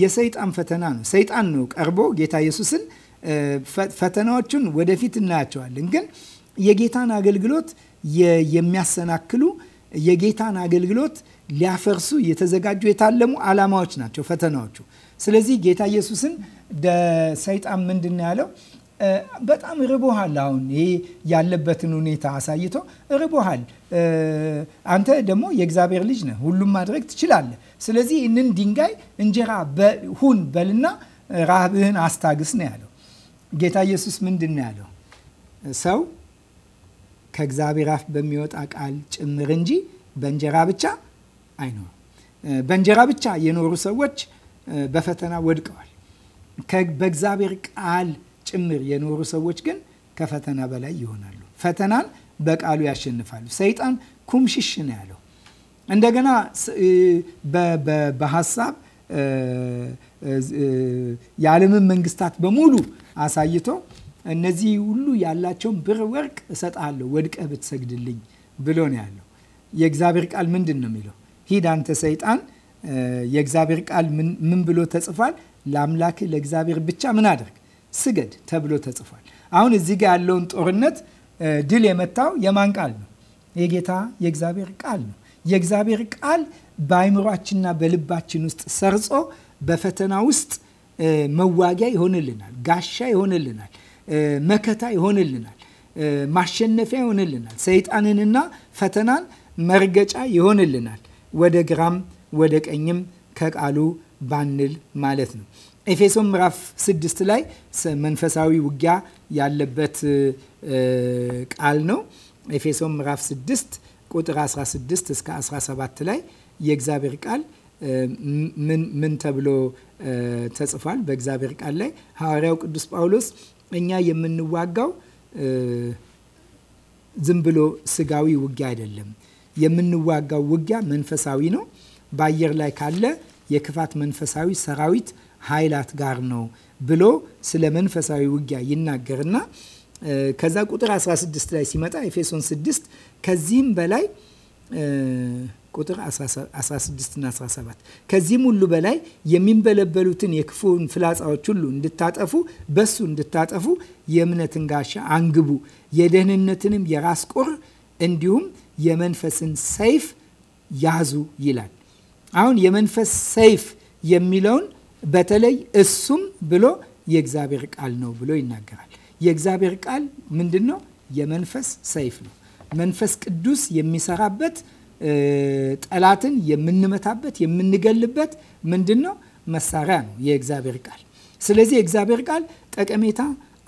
Speaker 1: የሰይጣን ፈተና ነው። ሰይጣን ነው ቀርቦ ጌታ ኢየሱስን ፈተናዎቹን ወደፊት እናያቸዋለን። ግን የጌታን አገልግሎት የሚያሰናክሉ የጌታን አገልግሎት ሊያፈርሱ የተዘጋጁ የታለሙ ዓላማዎች ናቸው ፈተናዎቹ። ስለዚህ ጌታ ኢየሱስን ሰይጣን ምንድን ነው ያለው? በጣም ርቦሃል። አሁን ይሄ ያለበትን ሁኔታ አሳይቶ ርቦሃል። አንተ ደግሞ የእግዚአብሔር ልጅ ነህ፣ ሁሉም ማድረግ ትችላለህ። ስለዚህ ይህንን ድንጋይ እንጀራ ሁን በልና ረሃብህን አስታግስ ነው ያለው። ጌታ ኢየሱስ ምንድን ነው ያለው? ሰው ከእግዚአብሔር አፍ በሚወጣ ቃል ጭምር እንጂ በእንጀራ ብቻ አይኖርም። በእንጀራ ብቻ የኖሩ ሰዎች በፈተና ወድቀዋል። በእግዚአብሔር ቃል ጭምር የኖሩ ሰዎች ግን ከፈተና በላይ ይሆናሉ። ፈተናን በቃሉ ያሸንፋሉ። ሰይጣን ኩምሽሽ ነው ያለው። እንደገና በሀሳብ የዓለምን መንግስታት በሙሉ አሳይቶ እነዚህ ሁሉ ያላቸውን ብር፣ ወርቅ እሰጥሃለሁ ወድቀ ብትሰግድልኝ ብሎ ነው ያለው። የእግዚአብሔር ቃል ምንድን ነው የሚለው? ሂድ አንተ ሰይጣን። የእግዚአብሔር ቃል ምን ብሎ ተጽፏል? ለአምላክህ ለእግዚአብሔር ብቻ ምን አድርግ ስገድ ተብሎ ተጽፏል። አሁን እዚህ ጋር ያለውን ጦርነት ድል የመታው የማን ቃል ነው? የጌታ የእግዚአብሔር ቃል ነው። የእግዚአብሔር ቃል በአይምሯችንና በልባችን ውስጥ ሰርጾ በፈተና ውስጥ መዋጊያ ይሆንልናል፣ ጋሻ ይሆንልናል፣ መከታ ይሆንልናል፣ ማሸነፊያ ይሆንልናል፣ ሰይጣንንና ፈተናን መርገጫ ይሆንልናል። ወደ ግራም ወደ ቀኝም ከቃሉ ባንል ማለት ነው። ኤፌሶ ምዕራፍ ስድስት ላይ መንፈሳዊ ውጊያ ያለበት ቃል ነው። ኤፌሶ ምዕራፍ 6 ቁጥር 16 እስከ 17 ላይ የእግዚአብሔር ቃል ምን ተብሎ ተጽፏል? በእግዚአብሔር ቃል ላይ ሐዋርያው ቅዱስ ጳውሎስ እኛ የምንዋጋው ዝም ብሎ ስጋዊ ውጊያ አይደለም። የምንዋጋው ውጊያ መንፈሳዊ ነው። በአየር ላይ ካለ የክፋት መንፈሳዊ ሰራዊት ኃይላት ጋር ነው ብሎ ስለ መንፈሳዊ ውጊያ ይናገርና ከዛ ቁጥር 16 ላይ ሲመጣ ኤፌሶን 6 ከዚህም በላይ ቁጥር 16 እና 17 ከዚህም ሁሉ በላይ የሚንበለበሉትን የክፉን ፍላጻዎች ሁሉ እንድታጠፉ በሱ እንድታጠፉ የእምነትን ጋሻ አንግቡ፣ የደህንነትንም የራስ ቁር እንዲሁም የመንፈስን ሰይፍ ያዙ ይላል። አሁን የመንፈስ ሰይፍ የሚለውን በተለይ እሱም ብሎ የእግዚአብሔር ቃል ነው ብሎ ይናገራል። የእግዚአብሔር ቃል ምንድን ነው? የመንፈስ ሰይፍ ነው። መንፈስ ቅዱስ የሚሰራበት ጠላትን የምንመታበት የምንገልበት ምንድን ነው? መሳሪያ ነው የእግዚአብሔር ቃል። ስለዚህ የእግዚአብሔር ቃል ጠቀሜታ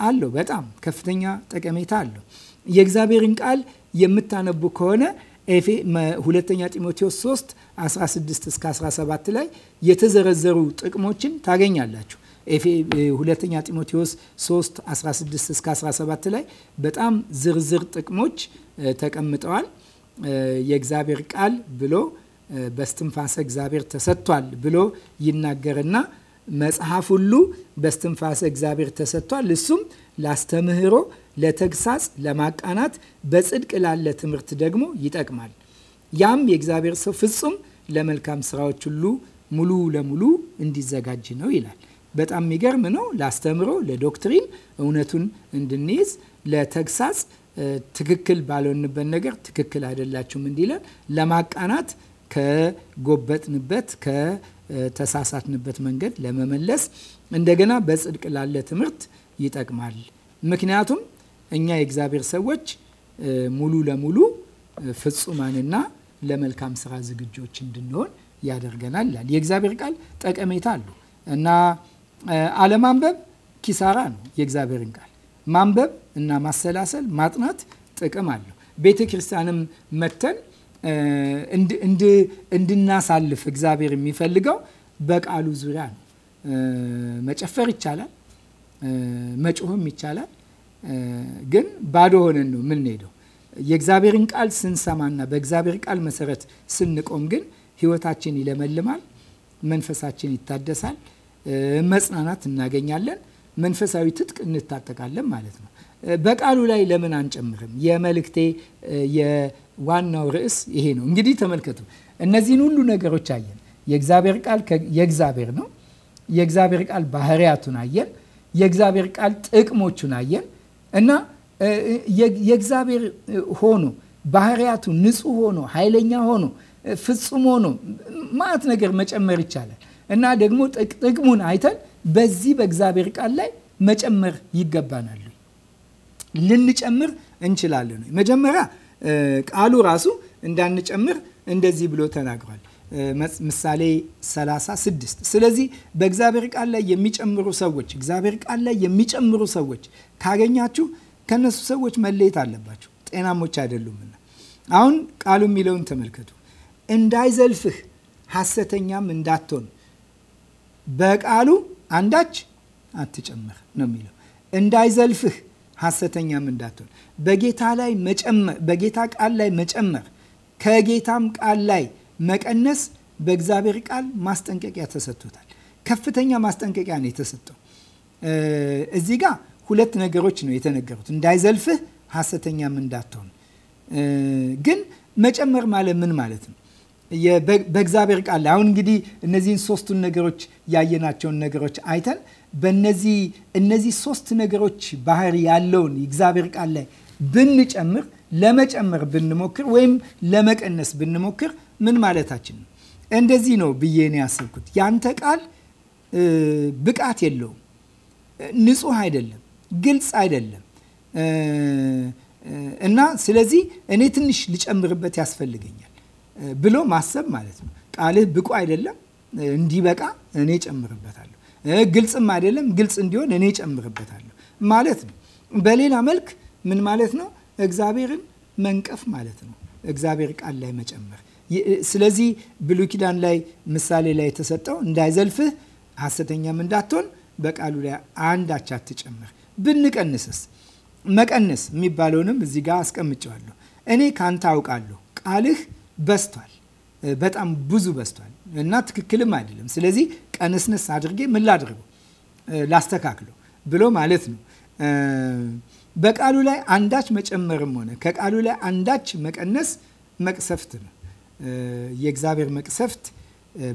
Speaker 1: አለው። በጣም ከፍተኛ ጠቀሜታ አለው። የእግዚአብሔርን ቃል የምታነቡ ከሆነ ኤፌ ሁለተኛ ጢሞቴዎስ 3 16 እስከ 17 ላይ የተዘረዘሩ ጥቅሞችን ታገኛላችሁ። ኤፌ ሁለተኛ ጢሞቴዎስ 3 16 እስከ 17 ላይ በጣም ዝርዝር ጥቅሞች ተቀምጠዋል። የእግዚአብሔር ቃል ብሎ በስትንፋሰ እግዚአብሔር ተሰጥቷል ብሎ ይናገርና መጽሐፍ ሁሉ በስትንፋሰ እግዚአብሔር ተሰጥቷል እሱም ላስተምህሮ ለተግሳጽ፣ ለማቃናት፣ በጽድቅ ላለ ትምህርት ደግሞ ይጠቅማል። ያም የእግዚአብሔር ሰው ፍጹም ለመልካም ስራዎች ሁሉ ሙሉ ለሙሉ እንዲዘጋጅ ነው ይላል። በጣም የሚገርም ነው። ለአስተምሮ፣ ለዶክትሪን እውነቱን እንድንይዝ፣ ለተግሳጽ ትክክል ባልሆንበት ነገር ትክክል አይደላችሁም እንዲለን፣ ለማቃናት ከጎበጥንበት ከተሳሳትንበት መንገድ ለመመለስ እንደገና በጽድቅ ላለ ትምህርት ይጠቅማል። ምክንያቱም እኛ የእግዚአብሔር ሰዎች ሙሉ ለሙሉ ፍጹማንና ለመልካም ስራ ዝግጆች እንድንሆን ያደርገናል ይላል። የእግዚአብሔር ቃል ጠቀሜታ አሉ እና አለማንበብ ኪሳራ ነው። የእግዚአብሔርን ቃል ማንበብ እና ማሰላሰል ማጥናት ጥቅም አለው። ቤተ ክርስቲያንም መተን እንድናሳልፍ እግዚአብሔር የሚፈልገው በቃሉ ዙሪያ ነው። መጨፈር ይቻላል፣ መጮህም ይቻላል ግን ባዶ ሆነን ነው የምንሄደው። የእግዚአብሔርን ቃል ስንሰማና በእግዚአብሔር ቃል መሰረት ስንቆም ግን ህይወታችን ይለመልማል፣ መንፈሳችን ይታደሳል፣ መጽናናት እናገኛለን፣ መንፈሳዊ ትጥቅ እንታጠቃለን ማለት ነው። በቃሉ ላይ ለምን አንጨምርም? የመልእክቴ የዋናው ርዕስ ይሄ ነው። እንግዲህ ተመልከቱ፣ እነዚህን ሁሉ ነገሮች አየን። የእግዚአብሔር ቃል የእግዚአብሔር ነው። የእግዚአብሔር ቃል ባህሪያቱን አየን። የእግዚአብሔር ቃል ጥቅሞቹን አየን። እና የእግዚአብሔር ሆኖ ባህሪያቱ ንጹህ ሆኖ ኃይለኛ ሆኖ ፍጹም ሆኖ ማት ነገር መጨመር ይቻላል እና ደግሞ ጥቅሙን አይተን በዚህ በእግዚአብሔር ቃል ላይ መጨመር ይገባናል። ልንጨምር እንችላለን። መጀመሪያ ቃሉ ራሱ እንዳንጨምር እንደዚህ ብሎ ተናግሯል። ምሳሌ 36 ስለዚህ በእግዚአብሔር ቃል ላይ የሚጨምሩ ሰዎች እግዚአብሔር ቃል ላይ የሚጨምሩ ሰዎች ካገኛችሁ ከነሱ ሰዎች መለየት አለባችሁ ጤናሞች አይደሉምና አሁን ቃሉ የሚለውን ተመልከቱ እንዳይዘልፍህ ሐሰተኛም እንዳትሆን በቃሉ አንዳች አትጨምር ነው የሚለው እንዳይዘልፍህ ሐሰተኛም እንዳትሆን በጌታ ላይ መጨመር በጌታ ቃል ላይ መጨመር ከጌታም ቃል ላይ መቀነስ በእግዚአብሔር ቃል ማስጠንቀቂያ ተሰጥቶታል። ከፍተኛ ማስጠንቀቂያ ነው የተሰጠው። እዚህ ጋር ሁለት ነገሮች ነው የተነገሩት። እንዳይዘልፍህ፣ ሐሰተኛም እንዳትሆን። ግን መጨመር ማለት ምን ማለት ነው? በእግዚአብሔር ቃል አሁን እንግዲህ እነዚህን ሶስቱን ነገሮች ያየናቸውን ነገሮች አይተን በነዚህ እነዚህ ሶስት ነገሮች ባህሪ ያለውን እግዚአብሔር ቃል ላይ ብንጨምር ለመጨመር ብንሞክር ወይም ለመቀነስ ብንሞክር ምን ማለታችን ነው? እንደዚህ ነው ብዬ ነው ያሰብኩት። ያንተ ቃል ብቃት የለውም፣ ንጹህ አይደለም፣ ግልጽ አይደለም እና ስለዚህ እኔ ትንሽ ልጨምርበት ያስፈልገኛል ብሎ ማሰብ ማለት ነው። ቃልህ ብቁ አይደለም፣ እንዲበቃ እኔ ጨምርበታለሁ። ግልጽም አይደለም፣ ግልጽ እንዲሆን እኔ ጨምርበታለሁ ማለት ነው። በሌላ መልክ ምን ማለት ነው? እግዚአብሔርን መንቀፍ ማለት ነው። እግዚአብሔር ቃል ላይ መጨመር ስለዚህ ብሉይ ኪዳን ላይ ምሳሌ ላይ የተሰጠው እንዳይዘልፍህ ሐሰተኛም እንዳትሆን በቃሉ ላይ አንዳች አትጨምር። ብንቀንስስ መቀነስ የሚባለውንም እዚህ ጋር አስቀምጨዋለሁ። እኔ ካንተ አውቃለሁ ቃልህ በስቷል፣ በጣም ብዙ በስቷል እና ትክክልም አይደለም። ስለዚህ ቀንስንስ አድርጌ ምን ላድርገው ላስተካክለው ብሎ ማለት ነው። በቃሉ ላይ አንዳች መጨመርም ሆነ ከቃሉ ላይ አንዳች መቀነስ መቅሰፍት ነው። የእግዚአብሔር መቅሰፍት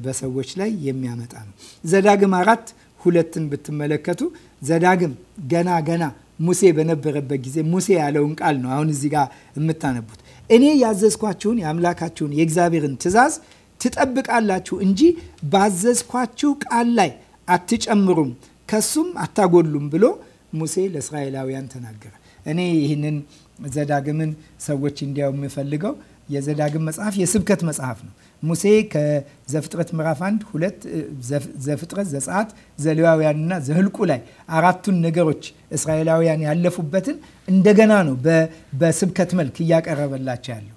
Speaker 1: በሰዎች ላይ የሚያመጣ ነው። ዘዳግም አራት ሁለትን ብትመለከቱ ዘዳግም ገና ገና ሙሴ በነበረበት ጊዜ ሙሴ ያለውን ቃል ነው አሁን እዚህ ጋር የምታነቡት። እኔ ያዘዝኳችሁን የአምላካችሁን የእግዚአብሔርን ትእዛዝ ትጠብቃላችሁ እንጂ ባዘዝኳችሁ ቃል ላይ አትጨምሩም፣ ከሱም አታጎሉም ብሎ ሙሴ ለእስራኤላውያን ተናገረ። እኔ ይህንን ዘዳግምን ሰዎች እንዲያው የምፈልገው የዘዳግም መጽሐፍ የስብከት መጽሐፍ ነው። ሙሴ ከዘፍጥረት ምዕራፍ አንድ ሁለት ዘፍጥረት፣ ዘጸአት፣ ዘሌዋውያንና ዘህልቁ ላይ አራቱን ነገሮች እስራኤላውያን ያለፉበትን እንደገና ነው በስብከት መልክ እያቀረበላቸው ያለው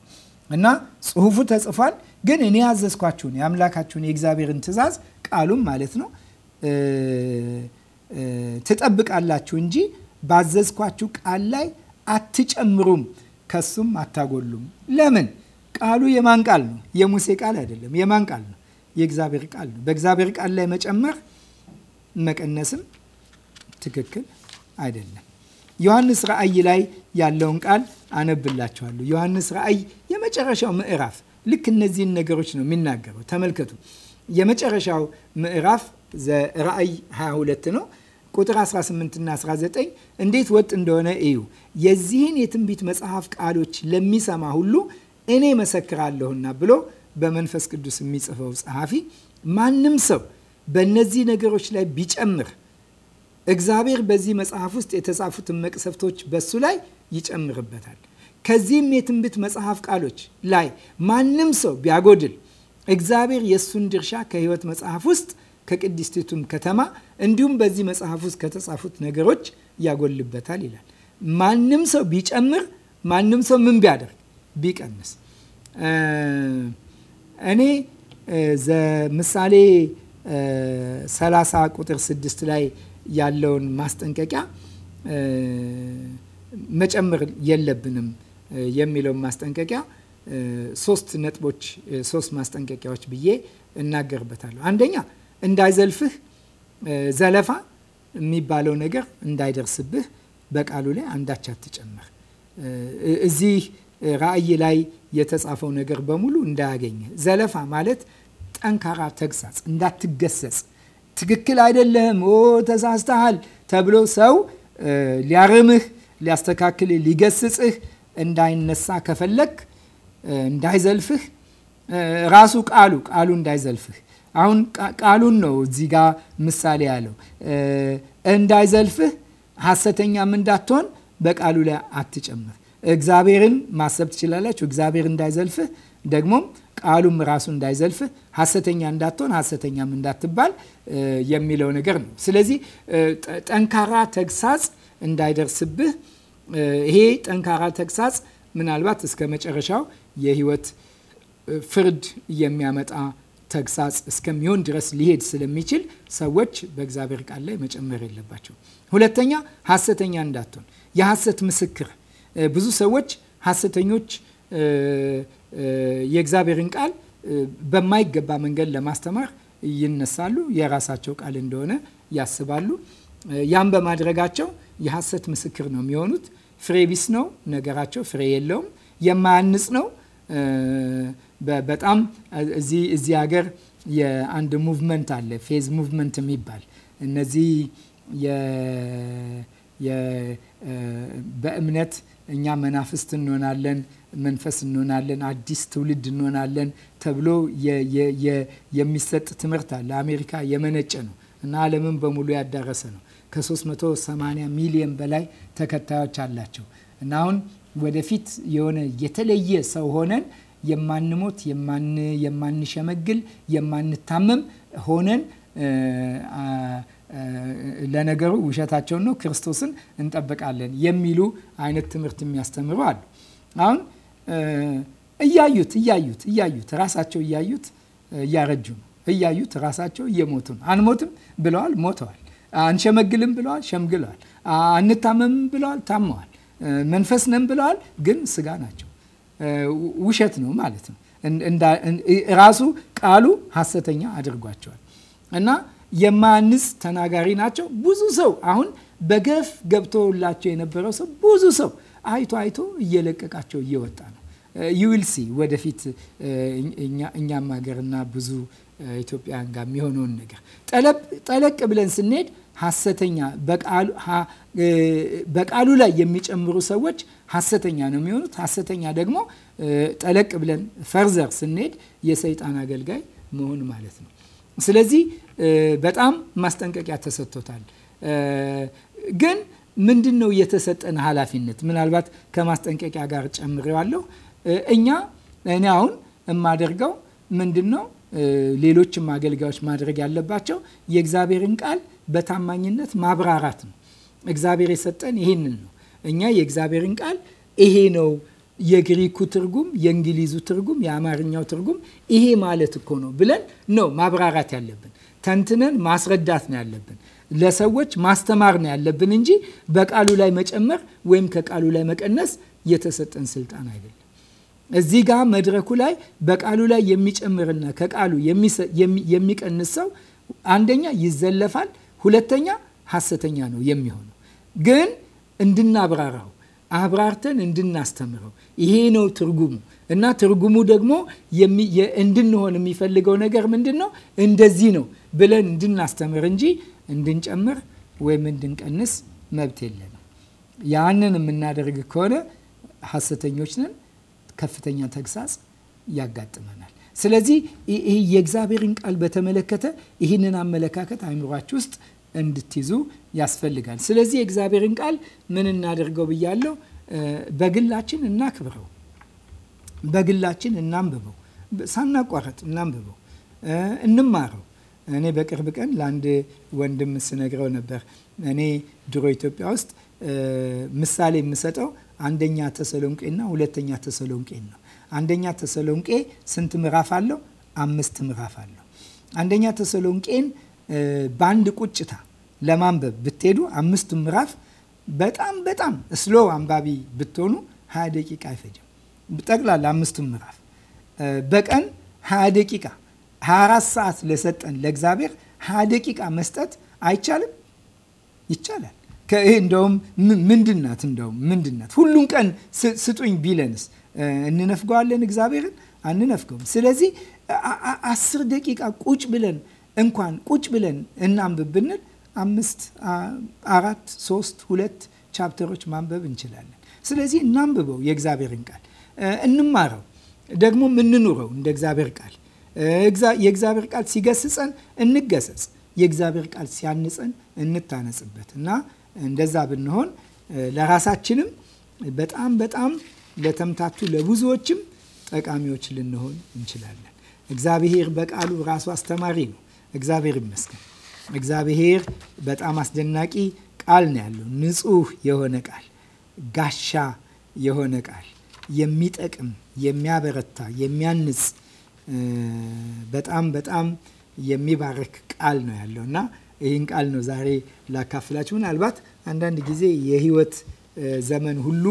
Speaker 1: እና ጽሁፉ ተጽፏል። ግን እኔ ያዘዝኳችሁን የአምላካችሁን የእግዚአብሔርን ትእዛዝ ቃሉም ማለት ነው ትጠብቃላችሁ እንጂ ባዘዝኳችሁ ቃል ላይ አትጨምሩም፣ ከሱም አታጎሉም። ለምን ቃሉ የማን ቃል ነው? የሙሴ ቃል አይደለም። የማን ቃል ነው? የእግዚአብሔር ቃል ነው። በእግዚአብሔር ቃል ላይ መጨመር መቀነስም ትክክል አይደለም። ዮሐንስ ራእይ ላይ ያለውን ቃል አነብላችኋለሁ። ዮሐንስ ራእይ የመጨረሻው ምዕራፍ ልክ እነዚህን ነገሮች ነው የሚናገረው። ተመልከቱ። የመጨረሻው ምዕራፍ ራእይ 22 ነው። ቁጥር 18ና 19 እንዴት ወጥ እንደሆነ እዩ። የዚህን የትንቢት መጽሐፍ ቃሎች ለሚሰማ ሁሉ እኔ መሰክራለሁና ብሎ በመንፈስ ቅዱስ የሚጽፈው ጸሐፊ ማንም ሰው በእነዚህ ነገሮች ላይ ቢጨምር እግዚአብሔር በዚህ መጽሐፍ ውስጥ የተጻፉትን መቅሰፍቶች በሱ ላይ ይጨምርበታል። ከዚህም የትንቢት መጽሐፍ ቃሎች ላይ ማንም ሰው ቢያጎድል እግዚአብሔር የእሱን ድርሻ ከሕይወት መጽሐፍ ውስጥ ከቅድስቲቱም ከተማ እንዲሁም በዚህ መጽሐፍ ውስጥ ከተጻፉት ነገሮች ያጎልበታል ይላል። ማንም ሰው ቢጨምር፣ ማንም ሰው ምን ቢያደርግ ቢቀንስ እኔ ምሳሌ 30 ቁጥር 6 ላይ ያለውን ማስጠንቀቂያ መጨመር የለብንም የሚለውን ማስጠንቀቂያ ሶስት ነጥቦች ሶስት ማስጠንቀቂያዎች ብዬ እናገርበታለሁ። አንደኛ እንዳይዘልፍህ ዘለፋ የሚባለው ነገር እንዳይደርስብህ በቃሉ ላይ አንዳች አትጨምር። እዚህ ራእይ ላይ የተጻፈው ነገር በሙሉ እንዳያገኘ። ዘለፋ ማለት ጠንካራ ተግሳጽ፣ እንዳትገሰጽ፣ ትክክል አይደለህም፣ ኦ ተሳስተሃል ተብሎ ሰው ሊያርምህ፣ ሊያስተካክልህ፣ ሊገስጽህ እንዳይነሳ ከፈለግ እንዳይዘልፍህ ራሱ ቃሉ ቃሉ እንዳይዘልፍህ አሁን ቃሉን ነው እዚህ ጋ ምሳሌ ያለው እንዳይዘልፍህ ሐሰተኛም እንዳትሆን በቃሉ ላይ አትጨምር። እግዚአብሔርን ማሰብ ትችላላችሁ። እግዚአብሔር እንዳይዘልፍህ ደግሞም ቃሉም ራሱ እንዳይዘልፍህ ሐሰተኛ እንዳትሆን ሐሰተኛም እንዳትባል የሚለው ነገር ነው። ስለዚህ ጠንካራ ተግሳጽ እንዳይደርስብህ ይሄ ጠንካራ ተግሳጽ ምናልባት እስከ መጨረሻው የህይወት ፍርድ የሚያመጣ ተግሳጽ እስከሚሆን ድረስ ሊሄድ ስለሚችል ሰዎች በእግዚአብሔር ቃል ላይ መጨመር የለባቸው። ሁለተኛ ሐሰተኛ እንዳትሆን የሐሰት ምስክር ብዙ ሰዎች ሐሰተኞች የእግዚአብሔርን ቃል በማይገባ መንገድ ለማስተማር ይነሳሉ። የራሳቸው ቃል እንደሆነ ያስባሉ። ያም በማድረጋቸው የሐሰት ምስክር ነው የሚሆኑት። ፍሬ ቢስ ነው ነገራቸው፣ ፍሬ የለውም፣ የማያንጽ ነው። በጣም እዚህ እዚህ ሀገር የአንድ ሙቭመንት አለ፣ ፌዝ ሙቭመንት የሚባል እነዚህ በእምነት እኛ መናፍስት እንሆናለን፣ መንፈስ እንሆናለን፣ አዲስ ትውልድ እንሆናለን ተብሎ የሚሰጥ ትምህርት አለ። አሜሪካ የመነጨ ነው እና ዓለምን በሙሉ ያዳረሰ ነው። ከ380 ሚሊዮን በላይ ተከታዮች አላቸው እና አሁን ወደፊት የሆነ የተለየ ሰው ሆነን የማንሞት የማንሸመግል፣ የማንታመም ሆነን ለነገሩ ውሸታቸውን ነው፣ ክርስቶስን እንጠብቃለን የሚሉ አይነት ትምህርት የሚያስተምሩ አሉ። አሁን እያዩት እያዩት እያዩት ራሳቸው እያዩት እያረጁ ነው። እያዩት ራሳቸው እየሞቱ ነው። አንሞትም ብለዋል፣ ሞተዋል። አንሸመግልም ብለዋል፣ ሸምግለዋል። አንታመምም ብለዋል፣ ታመዋል። መንፈስ ነን ብለዋል፣ ግን ስጋ ናቸው። ውሸት ነው ማለት ነው። ራሱ ቃሉ ሐሰተኛ አድርጓቸዋል እና የማያንስ ተናጋሪ ናቸው። ብዙ ሰው አሁን በገፍ ገብቶላቸው የነበረው ሰው ብዙ ሰው አይቶ አይቶ እየለቀቃቸው እየወጣ ነው። ዩዊልሲ ወደፊት እኛም ሀገርና ብዙ ኢትዮጵያን ጋር የሚሆነውን ነገር ጠለቅ ብለን ስንሄድ ሐሰተኛ በቃሉ ላይ የሚጨምሩ ሰዎች ሐሰተኛ ነው የሚሆኑት። ሐሰተኛ ደግሞ ጠለቅ ብለን ፈርዘር ስንሄድ የሰይጣን አገልጋይ መሆን ማለት ነው። ስለዚህ በጣም ማስጠንቀቂያ ተሰጥቶታል። ግን ምንድን ነው የተሰጠን ኃላፊነት? ምናልባት ከማስጠንቀቂያ ጋር ጨምሬዋለሁ። እኛ እኔ አሁን የማደርገው ምንድን ነው ሌሎችም አገልጋዮች ማድረግ ያለባቸው የእግዚአብሔርን ቃል በታማኝነት ማብራራት ነው። እግዚአብሔር የሰጠን ይህንን ነው። እኛ የእግዚአብሔርን ቃል ይሄ ነው የግሪኩ ትርጉም፣ የእንግሊዙ ትርጉም፣ የአማርኛው ትርጉም ይሄ ማለት እኮ ነው ብለን ነው ማብራራት ያለብን። ተንትነን ማስረዳት ነው ያለብን ለሰዎች ማስተማር ነው ያለብን እንጂ በቃሉ ላይ መጨመር ወይም ከቃሉ ላይ መቀነስ የተሰጠን ስልጣን አይደለም። እዚህ ጋር መድረኩ ላይ በቃሉ ላይ የሚጨምርና ከቃሉ የሚቀንስ ሰው አንደኛ ይዘለፋል፣ ሁለተኛ ሐሰተኛ ነው የሚሆነው። ግን እንድናብራራው አብራርተን እንድናስተምረው ይሄ ነው ትርጉሙ እና ትርጉሙ ደግሞ እንድንሆን የሚፈልገው ነገር ምንድን ነው? እንደዚህ ነው ብለን እንድናስተምር እንጂ እንድንጨምር ወይም እንድንቀንስ መብት የለንም። ያንን የምናደርግ ከሆነ ሐሰተኞች ነን፣ ከፍተኛ ተግሳጽ ያጋጥመናል። ስለዚህ ይህ የእግዚአብሔርን ቃል በተመለከተ ይህንን አመለካከት አይምሯችሁ ውስጥ እንድትይዙ ያስፈልጋል። ስለዚህ የእግዚአብሔርን ቃል ምን እናደርገው ብያለሁ። በግላችን እናክብረው፣ በግላችን እናንብበው፣ ሳናቋረጥ እናንብበው፣ እንማረው እኔ በቅርብ ቀን ለአንድ ወንድም ስነግረው ነበር። እኔ ድሮ ኢትዮጵያ ውስጥ ምሳሌ የምሰጠው አንደኛ ተሰሎንቄና ሁለተኛ ተሰሎንቄን ነው። አንደኛ ተሰሎንቄ ስንት ምዕራፍ አለው? አምስት ምዕራፍ አለው። አንደኛ ተሰሎንቄን በአንድ ቁጭታ ለማንበብ ብትሄዱ አምስት ምዕራፍ በጣም በጣም ስሎ አንባቢ ብትሆኑ ሀያ ደቂቃ አይፈጅም። ጠቅላላ አምስቱ ምዕራፍ በቀን ሀያ ደቂቃ 24 ሰዓት ለሰጠን ለእግዚአብሔር 20 ደቂቃ መስጠት አይቻልም? ይቻላል። ይህ እንደውም ምንድናት እንደውም ምንድናት ሁሉን ቀን ስጡኝ ቢለንስ እንነፍገዋለን? እግዚአብሔርን አንነፍገውም። ስለዚህ አስር ደቂቃ ቁጭ ብለን እንኳን ቁጭ ብለን እናንብብ ብንል አምስት፣ አራት፣ ሶስት፣ ሁለት ቻፕተሮች ማንበብ እንችላለን። ስለዚህ እናንብበው፣ የእግዚአብሔርን ቃል እንማረው፣ ደግሞ እንኑረው እንደ እግዚአብሔር ቃል የእግዚአብሔር ቃል ሲገስጸን እንገሰጽ፣ የእግዚአብሔር ቃል ሲያንጸን እንታነጽበት እና እንደዛ ብንሆን ለራሳችንም በጣም በጣም ለተምታቱ ለብዙዎችም ጠቃሚዎች ልንሆን እንችላለን። እግዚአብሔር በቃሉ ራሱ አስተማሪ ነው። እግዚአብሔር ይመስገን። እግዚአብሔር በጣም አስደናቂ ቃል ነው ያለው። ንጹህ የሆነ ቃል፣ ጋሻ የሆነ ቃል፣ የሚጠቅም የሚያበረታ፣ የሚያንጽ በጣም በጣም የሚባርክ ቃል ነው ያለው እና ይህን ቃል ነው ዛሬ ላካፍላችሁ። ምናልባት አንዳንድ ጊዜ የህይወት ዘመን ሁሉ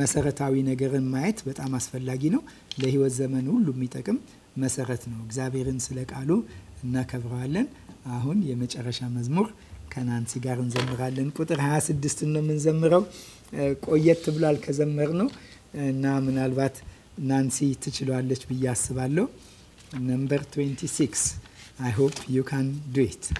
Speaker 1: መሰረታዊ ነገርን ማየት በጣም አስፈላጊ ነው። ለህይወት ዘመን ሁሉ የሚጠቅም መሰረት ነው። እግዚአብሔርን ስለ ቃሉ እናከብረዋለን። አሁን የመጨረሻ መዝሙር ከናንሲ ጋር እንዘምራለን። ቁጥር 26 ነው የምንዘምረው። ቆየት ብሏል ከዘመር ነው እና ምናልባት ናንሲ ትችሏለች ብዬ አስባለሁ። number 26. I hope you can do it.